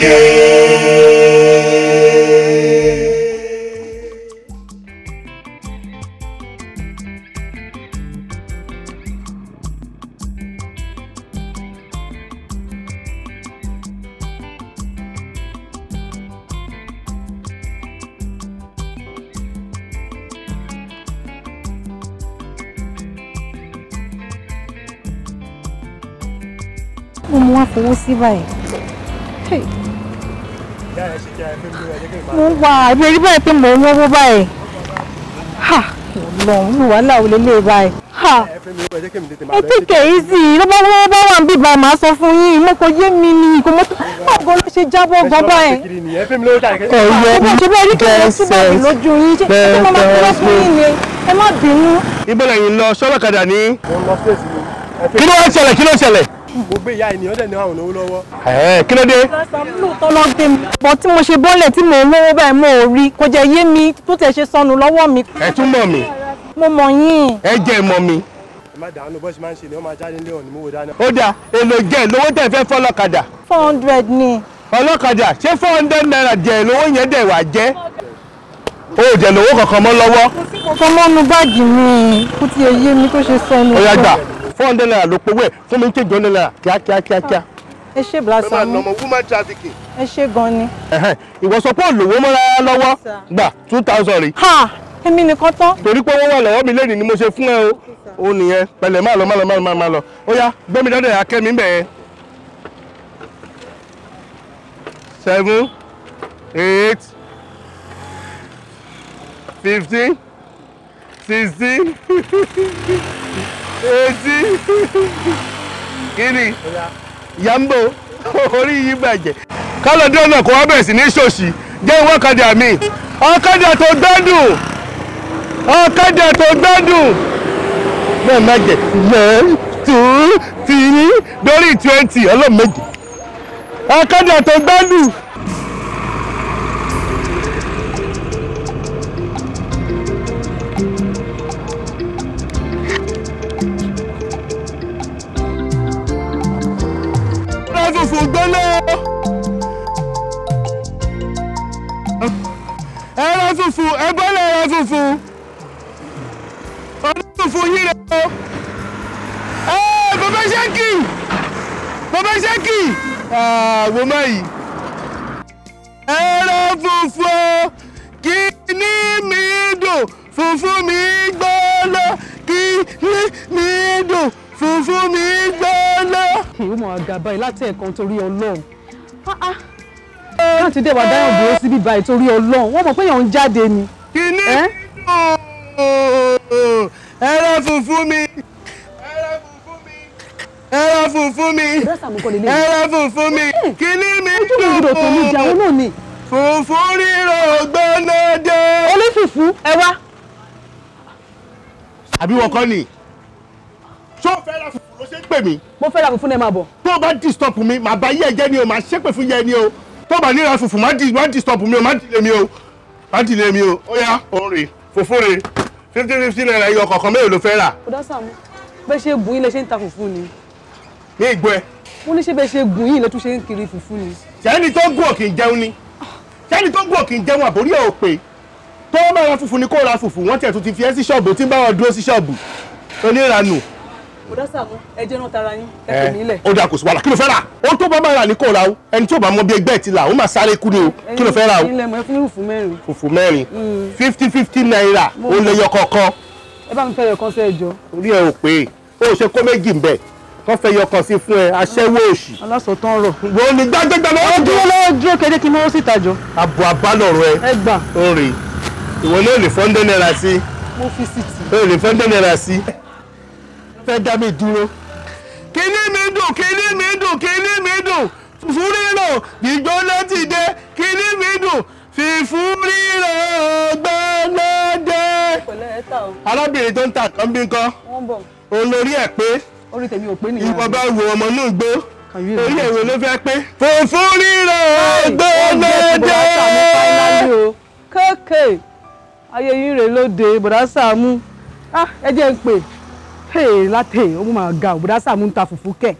again. mo mú wá mo wà bí ẹni báyìí pé mò ń wọ́wọ́ báyìí ha lọ́hùn ní wàhálà ò lè lè báyìí ha ẹ tíkẹ̀ yìí sí i lọ́ba wọ́n bá wà ń bí ba màá sọ fún yín mo kò yé mi ni kò mọ́tò ọgọ́ ló ṣe jábọ́ gan báyìí. kò yẹ mi gẹ́sẹ̀ bẹ́ẹ̀ ẹ má bínú. ibo lẹ́yìn lọ sọ́lọ́kadà ní. kí ló wá ṣẹlẹ̀ kí ló ṣẹlẹ̀ mo gbé ìyá ènìyàn dẹ̀ ní àwọn olówó lọ́wọ́. ẹ kí ló dé. lóòótọ́ lọ gbé mi. bọ́ tí mo ṣe bọ́lẹ̀ tí mò ń lówó báyìí mo ò rí kò jẹ́ yé mi tó tẹ̀ ṣe sọnù lọ́wọ́ mi. ẹ tún mọ̀ mi. mo mọ̀ yín. ẹ jẹ́ mọ̀ mi. ẹ má dàánú bọ́sì máa ń ṣe ni wọ́n máa jáde nílé òní mówó dáná. ó dáa èlò jẹ́ lówó tẹ̀ fẹ́ fọ́lọ́kadà. four hundred ni. ọlọ́kadà ṣé four hundred naira jẹ́ lówó yẹn dẹ̀ wà jẹ́ ó jẹ lówó kankan mọ́ lọ́wọ́. kò báàgì mi kó ti yé mi tó ṣe sọnù. ó yá gbà four hundred naira ló powó ẹ̀ fún mi ní kéjì hundred naira kíákíá kíákíá. ẹ ṣe blasa mi ẹ ṣe gan ni. ìwọ sọ pé olówó mọ́ rárá lọ́wọ́ gbà two thousand rí. ha èmi nìkan tán. torí pé owó wà lọ́wọ́ mi lẹ́nìí ni mo ṣe fún ẹ o o nìyẹn pẹ̀lẹ́ má lọ má lọ má lọ má lọ ó yá gbẹ́mi dọ́dọ̀ akẹ́mi bẹ̀ seven eight fifteen sixteen. etí kíni yambo orí yìí bàjẹ́. kálọ̀dé ọ̀nà kò wá bẹ̀rẹ̀ sí ní ṣòṣì jẹ́ ìwọ́kadà mi ọ̀kadà tó gbádùn ọ̀kadà tó gbádùn náà má jẹ one two three lórí twenty ọlọ́mọdé ọ̀kadà tó gbádùn. gbóná ẹran funfun ẹgbọ́n ẹran funfun onífunfun yín rẹ o bàbá ṣẹ́kì bàbá ṣẹ́kì wò má yìí ẹran funfun kí ní mi dùn funfun mi gbóná kí ní mi dùn funfun mi gbóná. kì í mọ àgàbà yìí láti ẹ̀kan torí ọlọ́run láti ah, ah. dé wà dáhùn dúró síbí báyìí torí ọlọ́run wọ́n mọ̀ pé èèyàn ń jáde ni. kìíní ẹ̀rọ funfun mi ẹ̀rọ funfun mi ẹ̀rọ funfun mi kìíní mi dùn funfun ríro gbóná dé. olúfùfù ẹ wá. àbí wọ́n kọ́ ni ṣépè mi. mo fẹ́ ra fùfú náà máa bọ̀. tó o bá disturb mi màá bá yí ẹ̀jẹ̀ ni o màá ṣépè fún yẹ ni o tó o bá níra fùfú má disturb mi o má dìlé mi o má dìlé mi o ó yá òun rè fòfó rè fifty fifty naira iye ọ̀kọ̀ọ̀kan mélòó ló fẹ́ rà. kò dá Sàámú bẹ́ ṣe gùn yín lẹ ṣe ń ta fùfú ni. mi ìgbọ́ ẹ. mo ní ṣe bẹ́ ṣe gùn yín lẹ tún ṣe ń kiri fùfú ni. sẹ́ni tó gùn òkì jẹun ni sẹ́ni tó gùn òkì jẹun àbórí ẹ̀ ò pé tó bá ra fùfú ni kó ra fùfú wọ́n tiẹ̀ tún ti fi ẹ́ sí ṣọ́ọ̀bù tí ń bá wọn dúró sí ṣọ́ọ̀bù oníranù bùdá Sàámú ẹ jẹ́ náà tara yín ẹ kò eh, ní ilẹ̀. ó dáa kò sí wàhálà kí ló fẹ́ rà ó tó bá máa rà ní kò ra o ẹni tí ò bá mọ bí ẹgbẹ́ ti là ó máa sáré kú ni o kí ló fẹ́ rà o. ilé mẹ́rin. Mm. fifty fifty naira ó lè yọ kọ̀ọ̀kan. ẹ bá mi fẹ́ yọ kan sí ẹjọ́. orí ẹ ò pé o ò ṣe kó méjì ń bẹ̀ kọ́ fẹ́ yọ kan sí fún ẹ aṣẹ́wó òṣì. alásọ̀tán rọ̀. wo ni gbàgbẹ́gbẹ́ lọ́wọ́ dúró lọ́wọ́ dúró kéde kí n mọ́wọ́ síta jọ. àbọ̀ àbálọ̀rọ̀ ẹ. ẹ gbà. ó rè é ìwọ ni ó lè fọ́ndé náírà sí. mo fi sí ti. ó lè fọ́ndé náírà sí fẹ́ dá mi dúró kíní mi dùn kíní mi dùn kíní mi dùn fúrírò gbígbóná ti dé kíní mi dùn fífúrírò gbóná dé. arábìnrin tó ń ta kan bí nǹkan olórí ẹ̀ pé ìwọ bá wo ọmọ náà gbó orí ẹ̀rọ ló fẹ́ pé fúfúrírò gbóná dé. kéèké ayé yín rèé lóde bọ̀dá Sàámú ah, ẹ jẹ́ ń pè hey latte. Oh my God! But that's a munta fufu ke.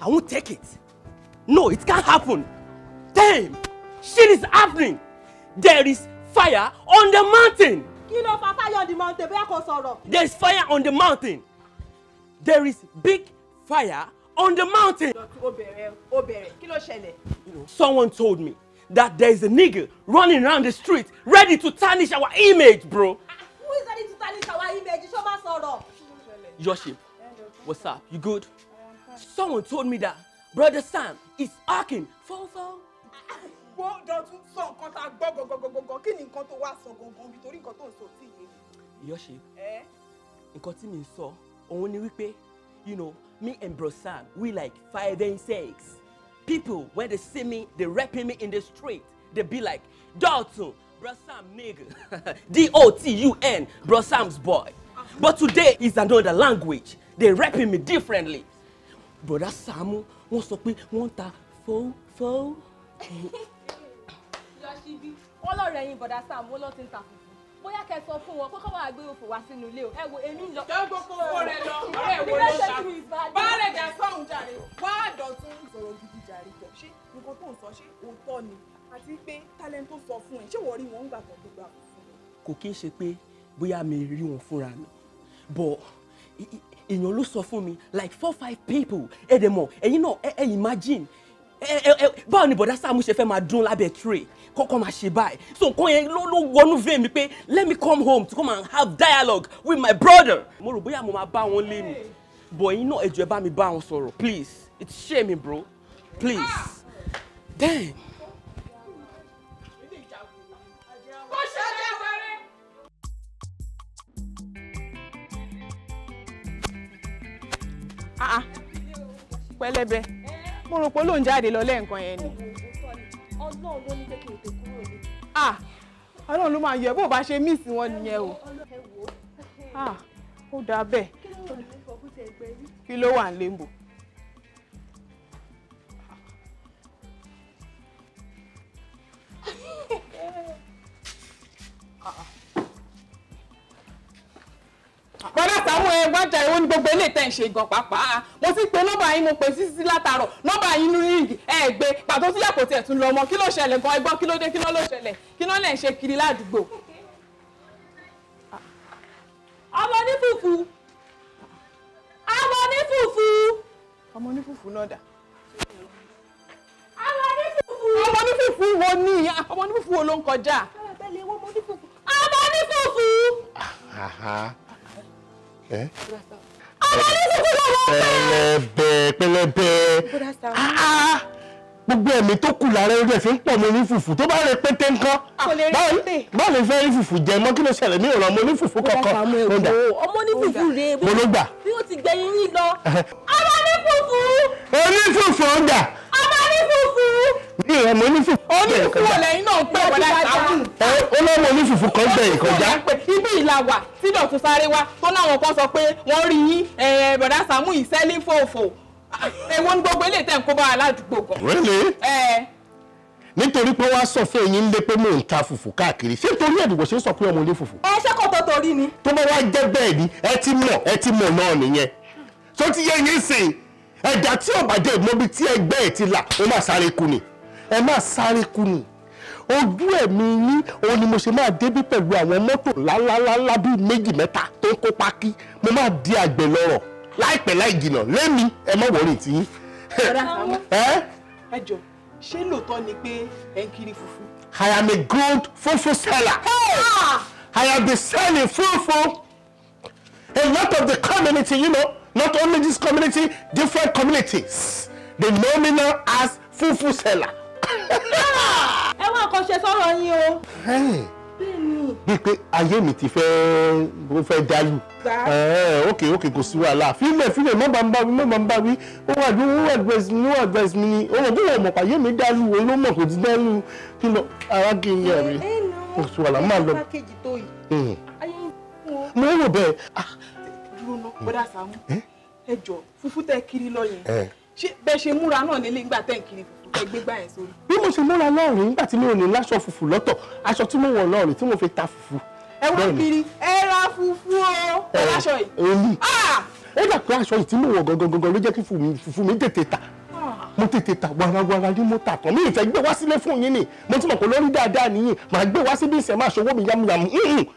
I won't take it. No, it can't happen. Damn! Shit is happening. There is fire on the mountain. Kí ló fire on the mountain? Bóyá kò sọ̀rọ̀. There is fire on the mountain. There is big fire on the mountain. someone told me that there is a nigger running around the street ready to tarnish our image bro. who is ready to tarnish our image ṣó bá sọ̀rọ̀. Yoship what's up you good. someone told me that brother Sam is hacking fọ́nfọ́n. wọ́n dọ̀tún sọ nǹkan tá a gbọ́ you know me and Bro Sam, we like five and six. People, when they see me, they rapping me in the street. They be like, Dalton, Bro Sam nigga. D-O-T-U-N, Bro Sam's boy. But today is another language. They rapping me differently. Brother Sam, wọ́n sọ pé wọ́n ta fo fo. Yọ̀ṣibí, wọ́n lọ rẹ̀ yín Brother Sam, wọ́n lọ ti bóyá kẹ́ sọ fún wọn kókó wàá gbé òfò wá sínú ilé o ẹ wo èmi lọ. jẹ́ gbogbo owó rẹ lọ ọ̀rẹ́ ìwọ ló ṣá báàlẹ̀ jà sọ̀hún jàre wá dọ̀tún. sọ̀rọ̀ gidi jàre jọ ṣé nǹkan tó ń sọ ṣé òótọ́ ni àti pé talent tó sọ fún ẹ ṣé wọ́n rí wọn gbà kan tó gbà fún ẹ. kò kí n ṣe pé bóyá mi rí wọn fúnra mi but èèyàn ló sọ fún mi like four five people ẹ̀dẹ̀mọ̀ ẹ̀yin náà ẹ̀ imagine Eh, eh, eh, báwo ni bọ̀dá Sàámú ṣe fẹ́ máa dún lábẹ́ tray kọ́kọ́ máa ṣe báyìí so nǹkan yẹn ló ló wọnú vein mi pé let me come home to come and have dialogue with my brother. mo rò bóyá mo máa bá wọn lé mi bọ̀ yín náà ẹjọ́ ẹ bá mi bá wọn sọ̀rọ̀ please it's shame bro please damn. Ah, ah. pẹlẹbẹ. Uh -uh mo rò pé ó lóun jáde lọ lẹ́ẹ̀kan yẹn ni. ọlọ́run ló ní pé kí kúrò ní. ah ọlọ́run ló máa yọ ẹ bó bá ṣe miss wọn nìyẹn o. ah ó dáa bẹ́ẹ̀. kí ló wà ní fọkútẹ̀ ẹgbẹ́ bàbá Samuel gbájà ìwọ ni gbogbo ilé tẹ̀ ń ṣe gan pàápàá mo ti pe nọ́mbà yín mo pè sí sí látàárọ̀ nọ́mbà yín ní ríǹgì ẹ gbé pàtó tí yàtọ̀ tiẹ̀ tún lọ ọmọ kí ló ṣẹlẹ̀ gan ẹgbọ́n kí ló dé kí ló ló ṣẹlẹ̀ kí ló lẹ̀ ń ṣe kiri ládùúgbò. ọmọ onífùfù ọmọ onífùfù. ọmọ onífùfù náà dà. ọmọ onífùfù. ọmọ wo ni ọmọ onífùfù wo ló ń kọjá. ọmọ onífùfù pẹlẹbẹ pẹlẹbẹ ah, gbogbo ẹ̀mí tó kù lára ẹgbẹ́ fi ń pọ̀ mọ́ ní fùfù tó bá rẹ pété ńkọ́ báwo lè fẹ́ rí jẹ mọ́ kí ló ṣẹlẹ̀ mi ò ọmọ ní fùfù kankan ló dà ọmọ ní fùfù rèé mo bí ó ti gbẹ̀yìn yín lọ ọmọ ní fùfù. onífùfù ọ̀dà bí ìyẹn mo ní fùfú. onífùfú wò náà pé wọ́n dáadáa. olóòmù onífùfú kan gbẹ̀ ìkọjá. ibi ìlàwà tí dọ̀tún sáré wá tó láwọn kan sọ pé wọ́n rí yín bọ̀dá Sàámú ìsẹ́lí fòfò èwo gbogbo eléyìí tẹ̀ ń kó bá wa ládùúgbò gan. wẹ́lẹ̀ nítorí pé wàá sọ fún ẹ̀yin lé pé mò ń ta fùfù káàkiri ṣé torí ẹ̀dùnkò ṣe ń sọ pé ọmọ ilé fùfù. ẹ ṣé tó torí ni. tó bá wá jẹ́ bẹ́ẹ̀ ni ẹ ti mọ̀ ẹ ti mọ̀ náà nìyẹn tó ti yẹ yín sìn ẹ̀dá tí ọ̀bàjẹ́ ìmọ̀bi tí ẹgbẹ́ ẹ̀ ti là ó má sáré kú ni ẹ má sáré kùnù ojú ẹ̀mí yín òun ni mo ṣe máa débí pẹ̀lú àwọn mọ́tò lálálálá bíi méjì mẹ́ta tó ń kó pákí mo máa di àgbẹ̀ lọ́rọ̀ láìpẹ́ láì jìnà lẹ́mi ẹ má wọ̀rìn tí. ẹ jọ ṣé lóòótọ́ ni pé ẹ ń kiri fufu. I am a gold fufu seller. Hey! I am the selling fufu. A lot of the community, you know, not only this community, different communities, they know me now as fufu seller ẹ wá nǹkan ṣe sọ̀rọ̀ yín o. bíi pé ayé mi ti fẹ́ ó fẹ́ dálù ókè ókè kò sí wàhálà fílẹ̀ fílẹ̀ mọ́ bá ń bá wí mọ́ bá ń bá wí ó wà ní advice mi ní advice mi ni ó wọ́n bí wọ́n mọ̀ mi dálù o ló mọ̀ kò ti dálù kí lọ ara kì í yà mí kò sí wàhálà má lọ. Hmm. mo ń wò bẹ́ẹ̀. Ah, hmm. ẹ jọ fúfú tẹ kiri lọ yẹn ṣé ṣe múra náà nílé ìgbà tẹ̀ ń kiri bí mo ṣe múra lọ́ọ̀rìn nígbà tí mi ò ní láṣọ funfun lọ́tọ̀ aṣọ tí mo wọ̀ lọ́ọ̀rìn tí mo fi ta funfun. ẹ wá kiri ẹ ra funfun o ẹ láṣọ yìí. Ah! ó dà pé aṣọ yìí tí mo wọ̀ gangan gangan ló jẹ́ kí funfun mi tètè ta mo tètè tà warawara ní mo tà tán mi ìfẹ́ gbé wá sílé fún yín ni mo tún mọ̀ pé lórí dáadáa nìyí màá gbé wá síbi ìsẹ̀ máa ṣòwò mi yámúyámú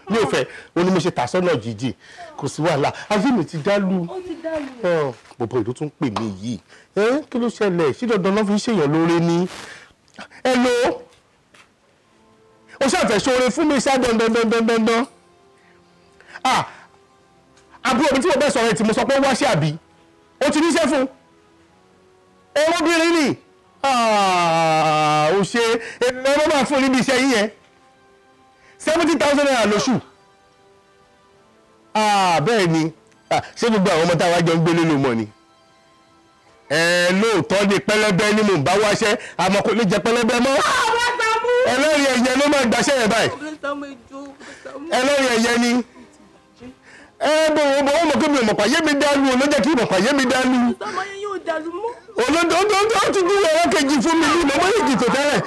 mi ò ah. fẹ́ o ní mo ṣe tà sọ́nà jìjì kò sí wàhálà ayé mi ti dálù ah, bọ̀bọ̀ ìlú tún pè mí yìí ẹ eh, kí ló ṣẹlẹ̀ sí dandan lọ́ fi ń ṣèyàn lóore ni ẹ lo o ṣàfẹ́ ṣoore fún mi ṣá dandan dandan dandan ah, àbúrò mi tí mo bẹ́ sọ̀rọ̀ ẹ̀ tí mo sọ pé wá ṣe àbí o ti níṣẹ́ fún un ọmọbìnrin ni ah, ò ṣe ẹ̀rọ máa fún níbi iṣẹ́ yín yẹn seventy thousand naira lóṣù ah, bẹ́ẹ̀ ni ah, ṣé gbogbo àwọn ọmọ táwa jọ ń gbélé ló mọ̀ ni lóòótọ́ ni pẹlẹbẹ ni mò ń bá wáṣẹ́ àmọ́ kò lè jẹ pẹlẹbẹ mọ́ ẹlẹ́rìí ẹ̀yẹ ló máa gbàṣẹ́ yẹn báyìí ẹlẹ́rìí ẹ̀yẹ ni ẹ bò wọ́n mọ̀ kí mi ò mọ̀ pàyé mi dá lu ò ló jẹ́ kí mọ̀ pàyé mi dá lu olóńtó tó ti kú ọwọ́ kejì fún mi mo mọ èjì tó tẹ́lẹ̀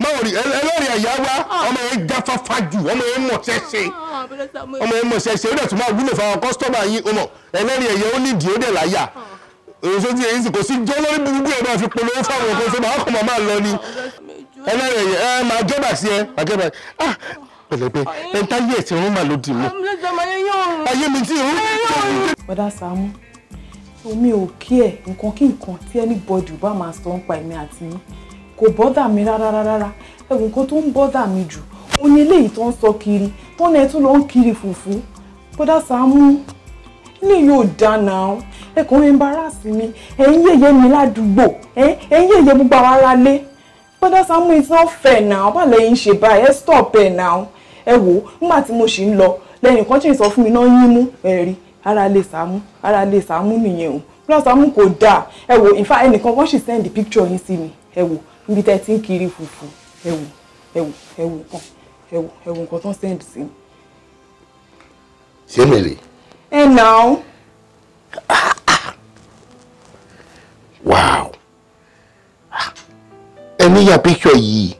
máa rí ẹlẹ́rìí ẹ̀yà wa ọmọ yẹn jáfáfá jù ọmọ yẹn mọ̀ ṣẹ́ṣe ah, ah, ọmọ yẹn mọ̀ ṣẹ́ṣe ó dẹ̀ tún máa wúlò fáwọn kọ́sítọ́mà yìí ọmọ ẹlẹ́rìí ẹ̀yà ó nídìí ó dẹ̀ láyà èso ah. tí èyí sì kò sí jẹ́ lórí burúkú ẹ̀ máa fi polówó fáwọn ọkọ̀ ìfẹ́ máa kọ̀ máa lọ ni ẹlẹ́rìí ẹ̀yà ẹ máa jẹ́bà sí ẹ máa jẹ́bà pẹ̀lẹ́pẹ̀ ẹ̀ ń táyé ẹ̀sìn òun máa ló omi ò kí ẹ̀ nǹkan kí nǹkan tí anybody bá máa sọ ń pa èmi àti yín kò bọ́dà mi rárá rárá ẹ̀wọ̀n nǹkan tó ń bọ́dà mi jù ó ní eléyìí tó ń sọ kiri tó ní ẹ tún lọ ń kiri fùfú bọ́dà Sàámú ilé yóò dáná o ẹ kàn ń embarrass mi ẹ ń yẹ̀yẹ́ mi ládùúgbò ẹ ń yẹ̀yẹ́ gbogbo àwọn aráalé bọ́dà Sàámú it's not fair now lẹ́yìn ṣe báyìí ẹ stop ẹ̀ now ẹ wò ó tí mo ṣì ń lọ lẹ́yìn kan ṣì ń sọ fún mi náà yín mú ẹ̀rí ara lè Sàámú ara lè Sàámú nìyẹn o lọ Sàámú kò dáa ẹ wo, in fact ẹnìkan wọ́n sì send picture yín sí mi ẹ wò níbi tẹ́ ti ń kiri fùfù ẹ wo, ẹ wo, ẹ wo, nǹkan ẹ wò ẹ wò nǹkan tó ń send sí mi. ṣé mi rè. ẹ nà ó. wow ẹni ya picture yìí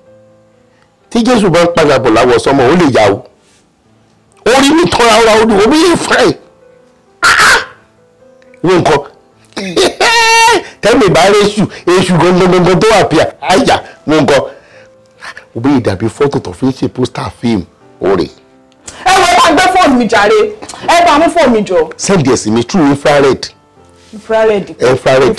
tí Jésù bá ń padà bọ̀ láwọ̀ sọmọ ó lè yà ó orí mi tọ́ra ọ̀rọ̀ ọdún ó bí yẹn fẹ́ ní nǹkan tẹ́mi bá rí èṣù èṣù gangan tó wà pìà àyà ní nǹkan òbí ìdàbí fọ́tò tó fi ń ṣe pósítà fíìmù òrè. ẹ wọ ẹ bá gbé fóònù mi jàre ẹ bá mú fóònù mi jọ. send ẹ sí mi through infrared. infrared infrared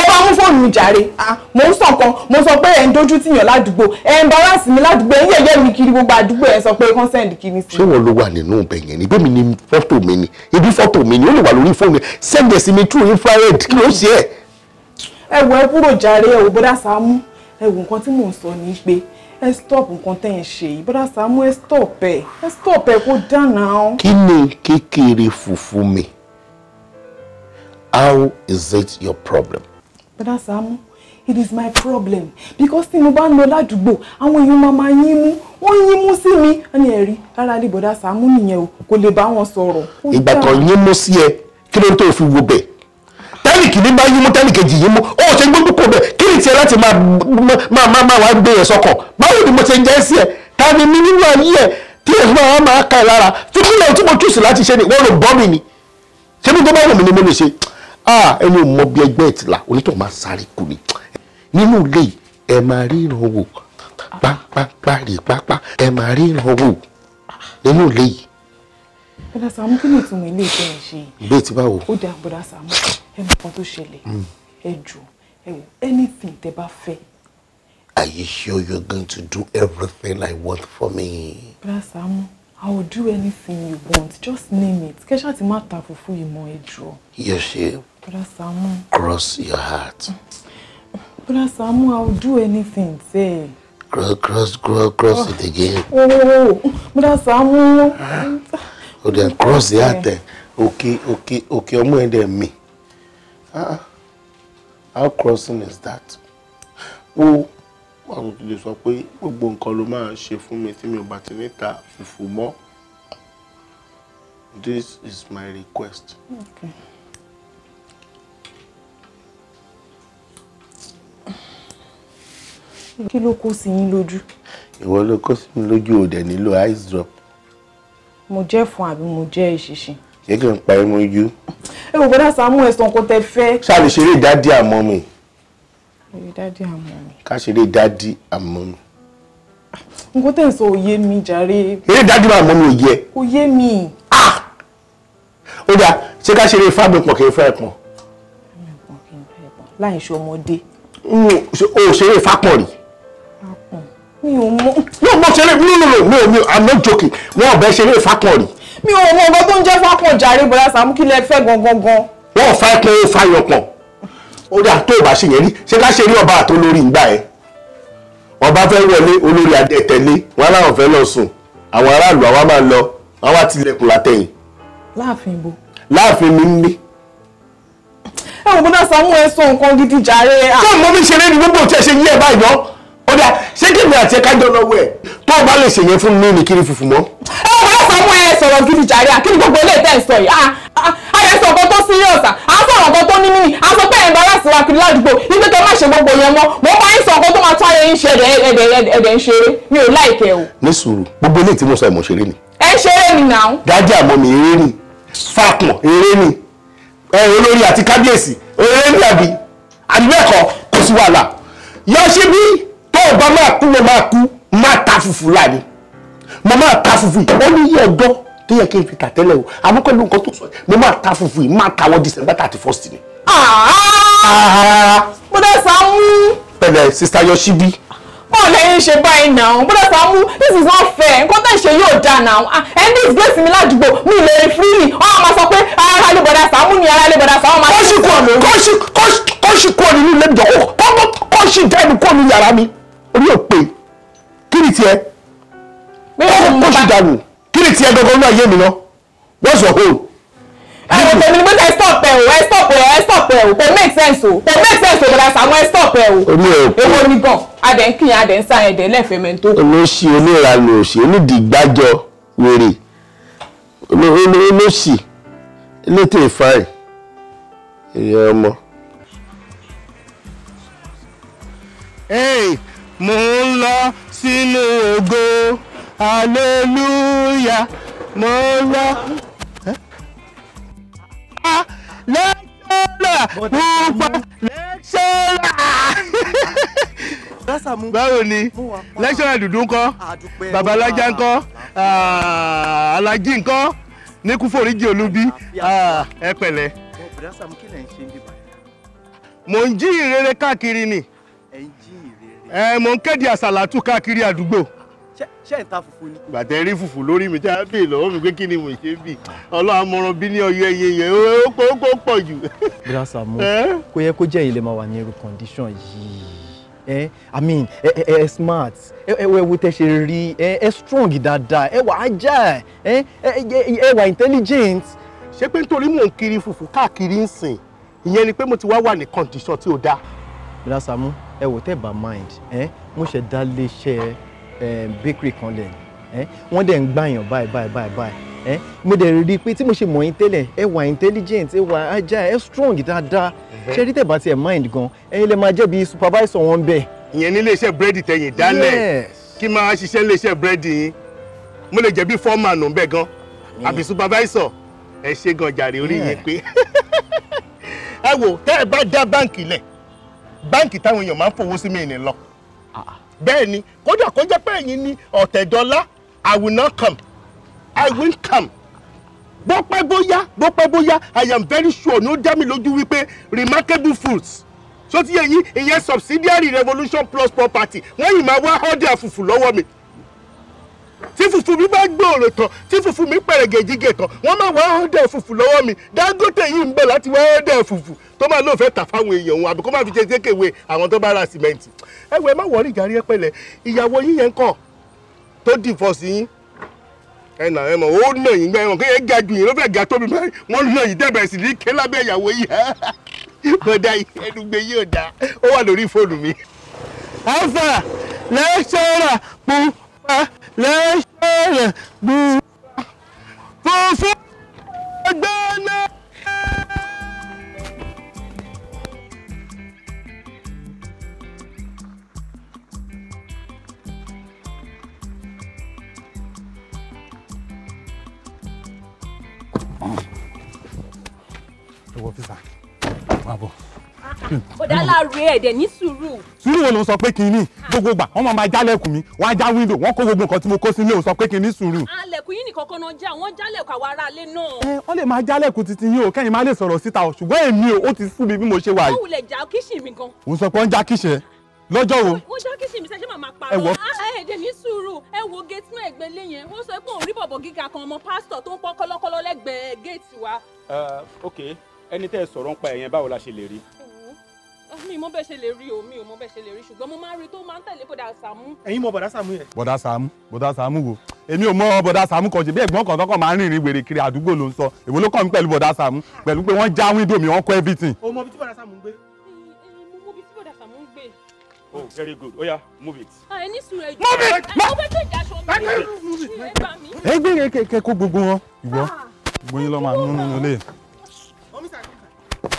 ẹ wá mú fóònù mi jàre ah. mo ń sọ kan mo sọ pé ẹ̀ ń dojú tìyàn ládùúgbò ẹ̀ ń barasi mi ládùúgbò ẹ̀ ń yẹ̀yẹ́ mi kiri gbogbo àdúgbò ẹ̀ sọ pé consent kiri sí. ṣé wọn ló wà nínú ibẹ̀ yẹn ni bẹ́ẹ̀ ni fọ́tò mi ni ibi fọ́tò mi ni ó lè wà lórí fóònù sẹ́ǹdẹ̀ sí mi through infrared kí ló ṣe ẹ̀. ẹ wọ ẹ kúrò jàre ẹ wò bọ́dà Sàámú ẹ wò nǹkan tí mò ń sọ ni pé ẹ stop nǹkan tẹ́ ẹ̀ ṣe yìí bọ́dà Sàámú ẹ stop ẹ ẹ stop ẹ kó dáná. kí ni kékeré fùfú mi How is it your problem? Bọ́dá Sàámú, it is my problem because tí mo bá ń lọ ládùúgbò àwọn èèyàn máa máa yín mú wọ́n yín mú sí mi wọ́n ní ẹ̀rí rárá ní Bọ́dá Sàámú nìyẹn o kò lè bá wọn sọ̀rọ̀. Ìgbà tó yín mú sí ẹ kí ló ń tó fi wo bẹ̀ tẹ́lì kìíní bá yín mú tẹ́lì kejì yín mú ó ṣe gbóngbó kò bẹ̀ kí ni tiẹ̀ láti máa máa wá gbé yẹn sọ́kàn báwo ni mo ṣe ń jẹ́ sí ẹ ta ni mi nínú ayé ẹ tí ẹ̀sùn àwọn máa ka ẹ̀ lára tí kí lóun tí mo túùsì láti ṣe ni wọ́n lò bọ́ mi ni ṣé bí tó bá wù mí ni mo lè ṣe Ah, ẹni ò mọ bí ẹgbẹ́ ìtìlá onítọ̀ máa sáré kù ni nínú ilé ẹ máa ríran wò pápápá rè pápá ẹ máa ríran wò nínú ilé yìí. bọ̀dà Sàámú kí ni ìtumọ̀ ilé ìfẹ́ ẹ̀ ṣe yìí. ìgbé tí báwo. ó dáa bọ̀dà Sàámú ẹ mọ nǹkan tó ṣẹlẹ̀ hmm. ẹ jù ẹ wò anything tẹ bá fẹ́. Are you sure you're going to do everything I want for me? bọ̀dà Sàámú I will do anything you want. Just name it. Kesha ti ma ta fufu yìí mọ́ ejo. Yoshe. Brother Saamu. Cross your heart. Brother Saamu, I will do anything. Say. Cross, cross, cross, cross oh. it again. Oh, oh, oh, oh. Brother Saamu. Huh? Oh, then cross the heart then. Okay, okay, okay. Omo ẹ̀ me. Ah, how crossing is that? Oh àwọn tó lè sọ pé gbogbo nǹkan ló máa ṣe fún mi tí mi ò bá ti níta fùfú mọ́ this is my request. kí ló kó sí yín lójú. ìwọ ló kó sí mi lójú ò dẹ̀ nílò ice drop. mo jẹ́ fún àbí mo jẹ́ ìṣinṣin. ṣé kí n pa ẹ́ mọ́jú. ẹ wò bọ́dá Sàámú ẹ̀sán kò tẹ fẹ́. ṣáà lè ṣeré ìdádì àmọ́ mi eré dádì àmọ́ mi. ká ṣeré dádì àmọ́ mi. nǹkan tẹ̀ ń sọ òye mi jàre. eré dádì àmọ́ mi òye ẹ. òye mi. ó dáa ṣé ká ṣeré fáàmì pọ̀ kì í fẹ́ pọ̀. fáàmì pọ̀ kì í fẹ́ pọ̀ láì ṣe ọmọdé. o ṣeré fápọ̀ rí mi ò mi ò mọ ṣeré mi ò mọ mi mi i'm not joking wọn ò bẹ ṣeré fapọ̀ rí. mi ò mọ ọgbọ́n tó ń jẹ́ fapọ̀ jàre bọ̀dá Sàámú kí lẹ fẹ́ gangan. wọ́n fa ẹ̀pọ̀ ó fa yọ̀pọ̀ ó dà tó bá ṣe yẹn rí ṣé ká ṣe rí ọba àtó lórí ìgbà ẹ ọba fẹ́ wọlé olórí adé tẹ̀lé wọn aláwọ̀ fẹ́ lọ sùn àwọn aráàlú àwa máa lọ àwa tilẹ̀kùn látẹ̀yìn. láàfin bo. láàfin mi ń bí ẹ wò bọ́dá Sàámú ẹ sọ nǹkan gidi jàre. ṣé mo fi ṣeré ni gbogbo òtí ẹ ṣe yí ẹ báyìí náà ó dà ṣé kébì àti ẹka jọ lọ́wọ́ ẹ tó o bá lè ṣèyẹn fún mi nìkiri funfun mọ́. ẹ wò bọ́dá Sàámú ẹ sọ̀rọ̀ gidi jàre àkíní gbogbo ilé ìtẹ́ ìsọ yìí ah, ah, sọ̀rọ̀ kan tó ní mí ni a sọ pé ẹ̀ǹbá láti wá kiri ládùúgbò nígbà tó má ṣe gbogbo yẹn mọ́ mo máa ń sọ nǹkan tó máa tó ayé ń ṣe ẹ̀dẹ̀ ń ṣeré mi ò láìkẹ́ o. ní sùúrù gbogbo eléyìí tí mo sọ ìmọ̀ ṣeré ni. ẹ ṣeré ni nà án. dájà mi eré ni fapọ̀ eré ni olórí àti kábíyèsí eré ni àbí àbí bẹ́ẹ̀ kò sí wàhálà yọ bí tó o bá máa kú mo máa kú máa ta fùfù láàyè mo máa ta fùfù ó tó yẹ kí n fi tà tẹ́lẹ̀ o àmọ́ pẹ̀lú nǹkan tó sọ mo máa ta fùfú yìí máa ta wọ́n December thirty first ni. bọ́dà ah! Sàámú. pẹ̀lẹ́ sista Yosibi. bọ́ọ̀ lẹ́yìn ṣe báyìí náà bọ́dà Sàámú this is not fair nǹkan tẹ̀ ṣe yóò dáa náà ah, ẹni disgrace mi ládùúgbò mi lè rí freely wọ́n á máa sọ pé ah, ara lè bọ̀dà Sàámú ni ara lè bọ̀dà Sàámú. kọ́ṣì kọ́ mi kọ́ṣì kọ́ mi nílé ìjọ oh, kọ́ṣì dẹ́nu kọ́ mi yàrá mi orí òpè kí ni tiẹ̀ kọ́ṣì dànù kí ni tiẹ̀ gangan náà yé mi lọ what's your home. àwọn tèmi ni pé ẹ stop ẹ o ẹ stop ẹ ẹ stop ẹ o kò make sense o kò make sense o bọ̀dà sàmú ẹ stop ẹ o. omi ẹ kú èwo ni gan adẹ̀ ń kín adẹ̀ ń sá ẹ̀dẹ̀ lẹ́fẹ̀ẹ́ mẹ́ntó. olóṣì oníranú òṣì onídìgbàjọ wèrè olóṣì elétò ìfáì ìyá ọmọ. mo ń lọ sínú ògo hallelujah mo lọ. lẹ́sọ̀rọ̀ pupa lẹ́sọ̀rọ̀. báwo ni lẹ́sọ̀rọ̀ dùdú ńkọ́ babalájà ńkọ́ ah, alájí ńkọ́ nekuforiji olubi ah, ẹ pẹ̀lẹ́. mo ń jí ìrere káàkiri ni eh, mo ń kéde àsàlátù káàkiri àdúgbò ṣé ìta fùfú ni. ìgbà tẹ rí fùfú lórí mi tí a bè lọ́wọ́ mi pé kí ni mo ṣe bì ọlọ́run amọ̀ràn bí ní ọyọ ẹyẹ yẹn ó pọ̀ ó pọ̀ jù. bíra Sàámú kò yẹ kó jẹ́ ilé máa wà ní irú condition yìí ẹ i mean ẹ ẹ smart ẹ ẹ wo tẹ ṣe rí ẹ ẹ strong dáadáa ẹ wà agile ẹ ẹ ẹ wà intelligent. ṣé pé nítorí mò ń kiri fùfú káàkiri ń sìn ìyẹn ni pé mo ti wá wà ní condition tí ó dáa. bíra Sàámú ẹ wò tẹ́ bá mind ẹ mo ṣẹ̀ dá lè ṣe ẹ Eh, bakery kan lẹ̀ eh, wọ́n dẹ̀ ń gbàyàn báyìí báyìí báyìí báyìí eh. mo dẹ̀ rí i pé tí mo ṣe mọ̀ yín tẹ́lẹ̀ ẹ wà intelligent ẹ wà agile ẹ strong dáadáa ṣe rí tẹ̀ bá tiẹ̀ mind gan ẹ̀yin lè máa jẹ́ bí supervisor wọn bẹ́ẹ̀. ìyẹn ní iléeṣẹ́ búrẹ́dì tẹ̀yìn dálẹ̀ kí máa ṣiṣẹ́ iléeṣẹ́ búrẹ́dì yín mo lè jẹ́ bí foreman ò ń bẹ̀ gan àbí supervisor ẹ ṣe gan jàre orí yẹn pé ẹ wò tẹ́ ẹ bá dá báǹkì lẹ̀ báǹkì táwọn èèyàn máa ń fowó sí mi ní lọ ah, ah bẹ́ẹ̀ ni kódà kó jẹ́ pé ẹ̀yin ni ọ̀tẹ̀dọ́lá I will not come I will come bó pẹ́ bóyá bó pẹ́ bóyá I am very sure ní ó dá mi lójú wípé remarkable fruits. tó ti yẹ yín ìyẹn subsidiary revolution plus property wọ́n yìí máa wá ọ̀dẹ̀ àfùfù lọ́wọ́ mi tí fùfú mi bá gbòòrò tán tí fùfú mi pẹ̀rẹ̀gẹ̀jìgẹ̀ tán wọ́n máa wá ọ̀dẹ̀ fùfú lọ́wọ́ mi Dangote yìí ń bọ̀ láti wá ọ̀dẹ̀ fùfú tó máa lóò fẹ́ tà fáwọn èèyàn òun àbí kó máa fi ṣe sékèwé àwọn tó bá ra sìmẹ́ǹtì. ẹ wẹ má wọrí ìjàre pẹ̀lẹ́ ìyàwó yín yẹn kàn tó dìfọ̀sì yín ẹ nà ẹ mọ̀ ó nà yín gbẹ ẹwọn kéèyàn ga ju yín ló fẹ́ ga tóbi báyìí wọ́n nà yín dẹ̀bẹ̀ sí ní ké lábẹ́ ìyàwó yìí bọ́dà ẹnugbe yìí ò dáa ó wà lórí fóònù mi. alfa lẹ́sọ̀rọ̀ pupa na do Fofo Dona Eu vou avisar. Ah, bọ̀dá láàrú ẹ̀ dẹ̀ ní sùúrù. sùúrù wo ló ń sọ pé kí n ní gbogbo gbà wọ́n máa ma jálẹ̀kùn mi wọ́n á já wíńdò wọ́n kó gbogbo nǹkan tí mo kó sí ilé ò sọ pé kí n ní sùúrù. alẹ̀kùn yìí nìkan kan náà já wọ́n jálẹ̀kùn àwa ará ilé náà. ẹ wọ́n lè máa jálẹ̀kùn titi yín o kẹ́yìn má lè sọ̀rọ̀ síta o ṣùgbọ́n èmi o ó ti sú mi bí mo ṣe wà yìí. wọ́n wulẹ̀ já kíṣì mi gan. òun sọ pé wọ́n já kíṣì lọ́jọ́ wo. mo ṣe kí sinmi sẹ́sẹ́ màmá parọ́. ẹ wọ. Ah, ẹ̀ẹ́dẹ̀ ní sùúrù ẹ wo géètì náà ẹgbẹ́ lé yẹn ó sọ pé òun rí bọ̀bọ̀ gíga kan ọmọ pásítọ̀ tó eh, ẹni tẹ́ ẹ ń pa ẹ̀yẹn báwo la ṣe lè rí mi mọ bẹ́ẹ̀ ṣe lè rí o mi ò mọ bẹ́ẹ̀ ṣe lè rí ṣùgbọ́n mo máa rí tó máa ń tẹ̀lé bọ̀dà Sàámú. ẹ̀yin mọ bọ̀dà Sàámú yẹn. bọ̀dà Sàámú bọ̀dà Sàámú wo èmi ò mọ bọ̀dà Sàámú kan ṣe bí ẹ̀gbọ́n kan tọkàn máa ń rìnrìn wèrè kiri àdúgbò ló ń sọ èwo ló kàn mí pẹ̀lú bọ̀dà Sàámú pẹ̀lú pé wọ́n já wíńdò mi wọ́n kọ́ everything. o mọ bí tí bọ̀dà Sàámú ń gbé. mo oh, very good oya oh, ah, move it. ẹ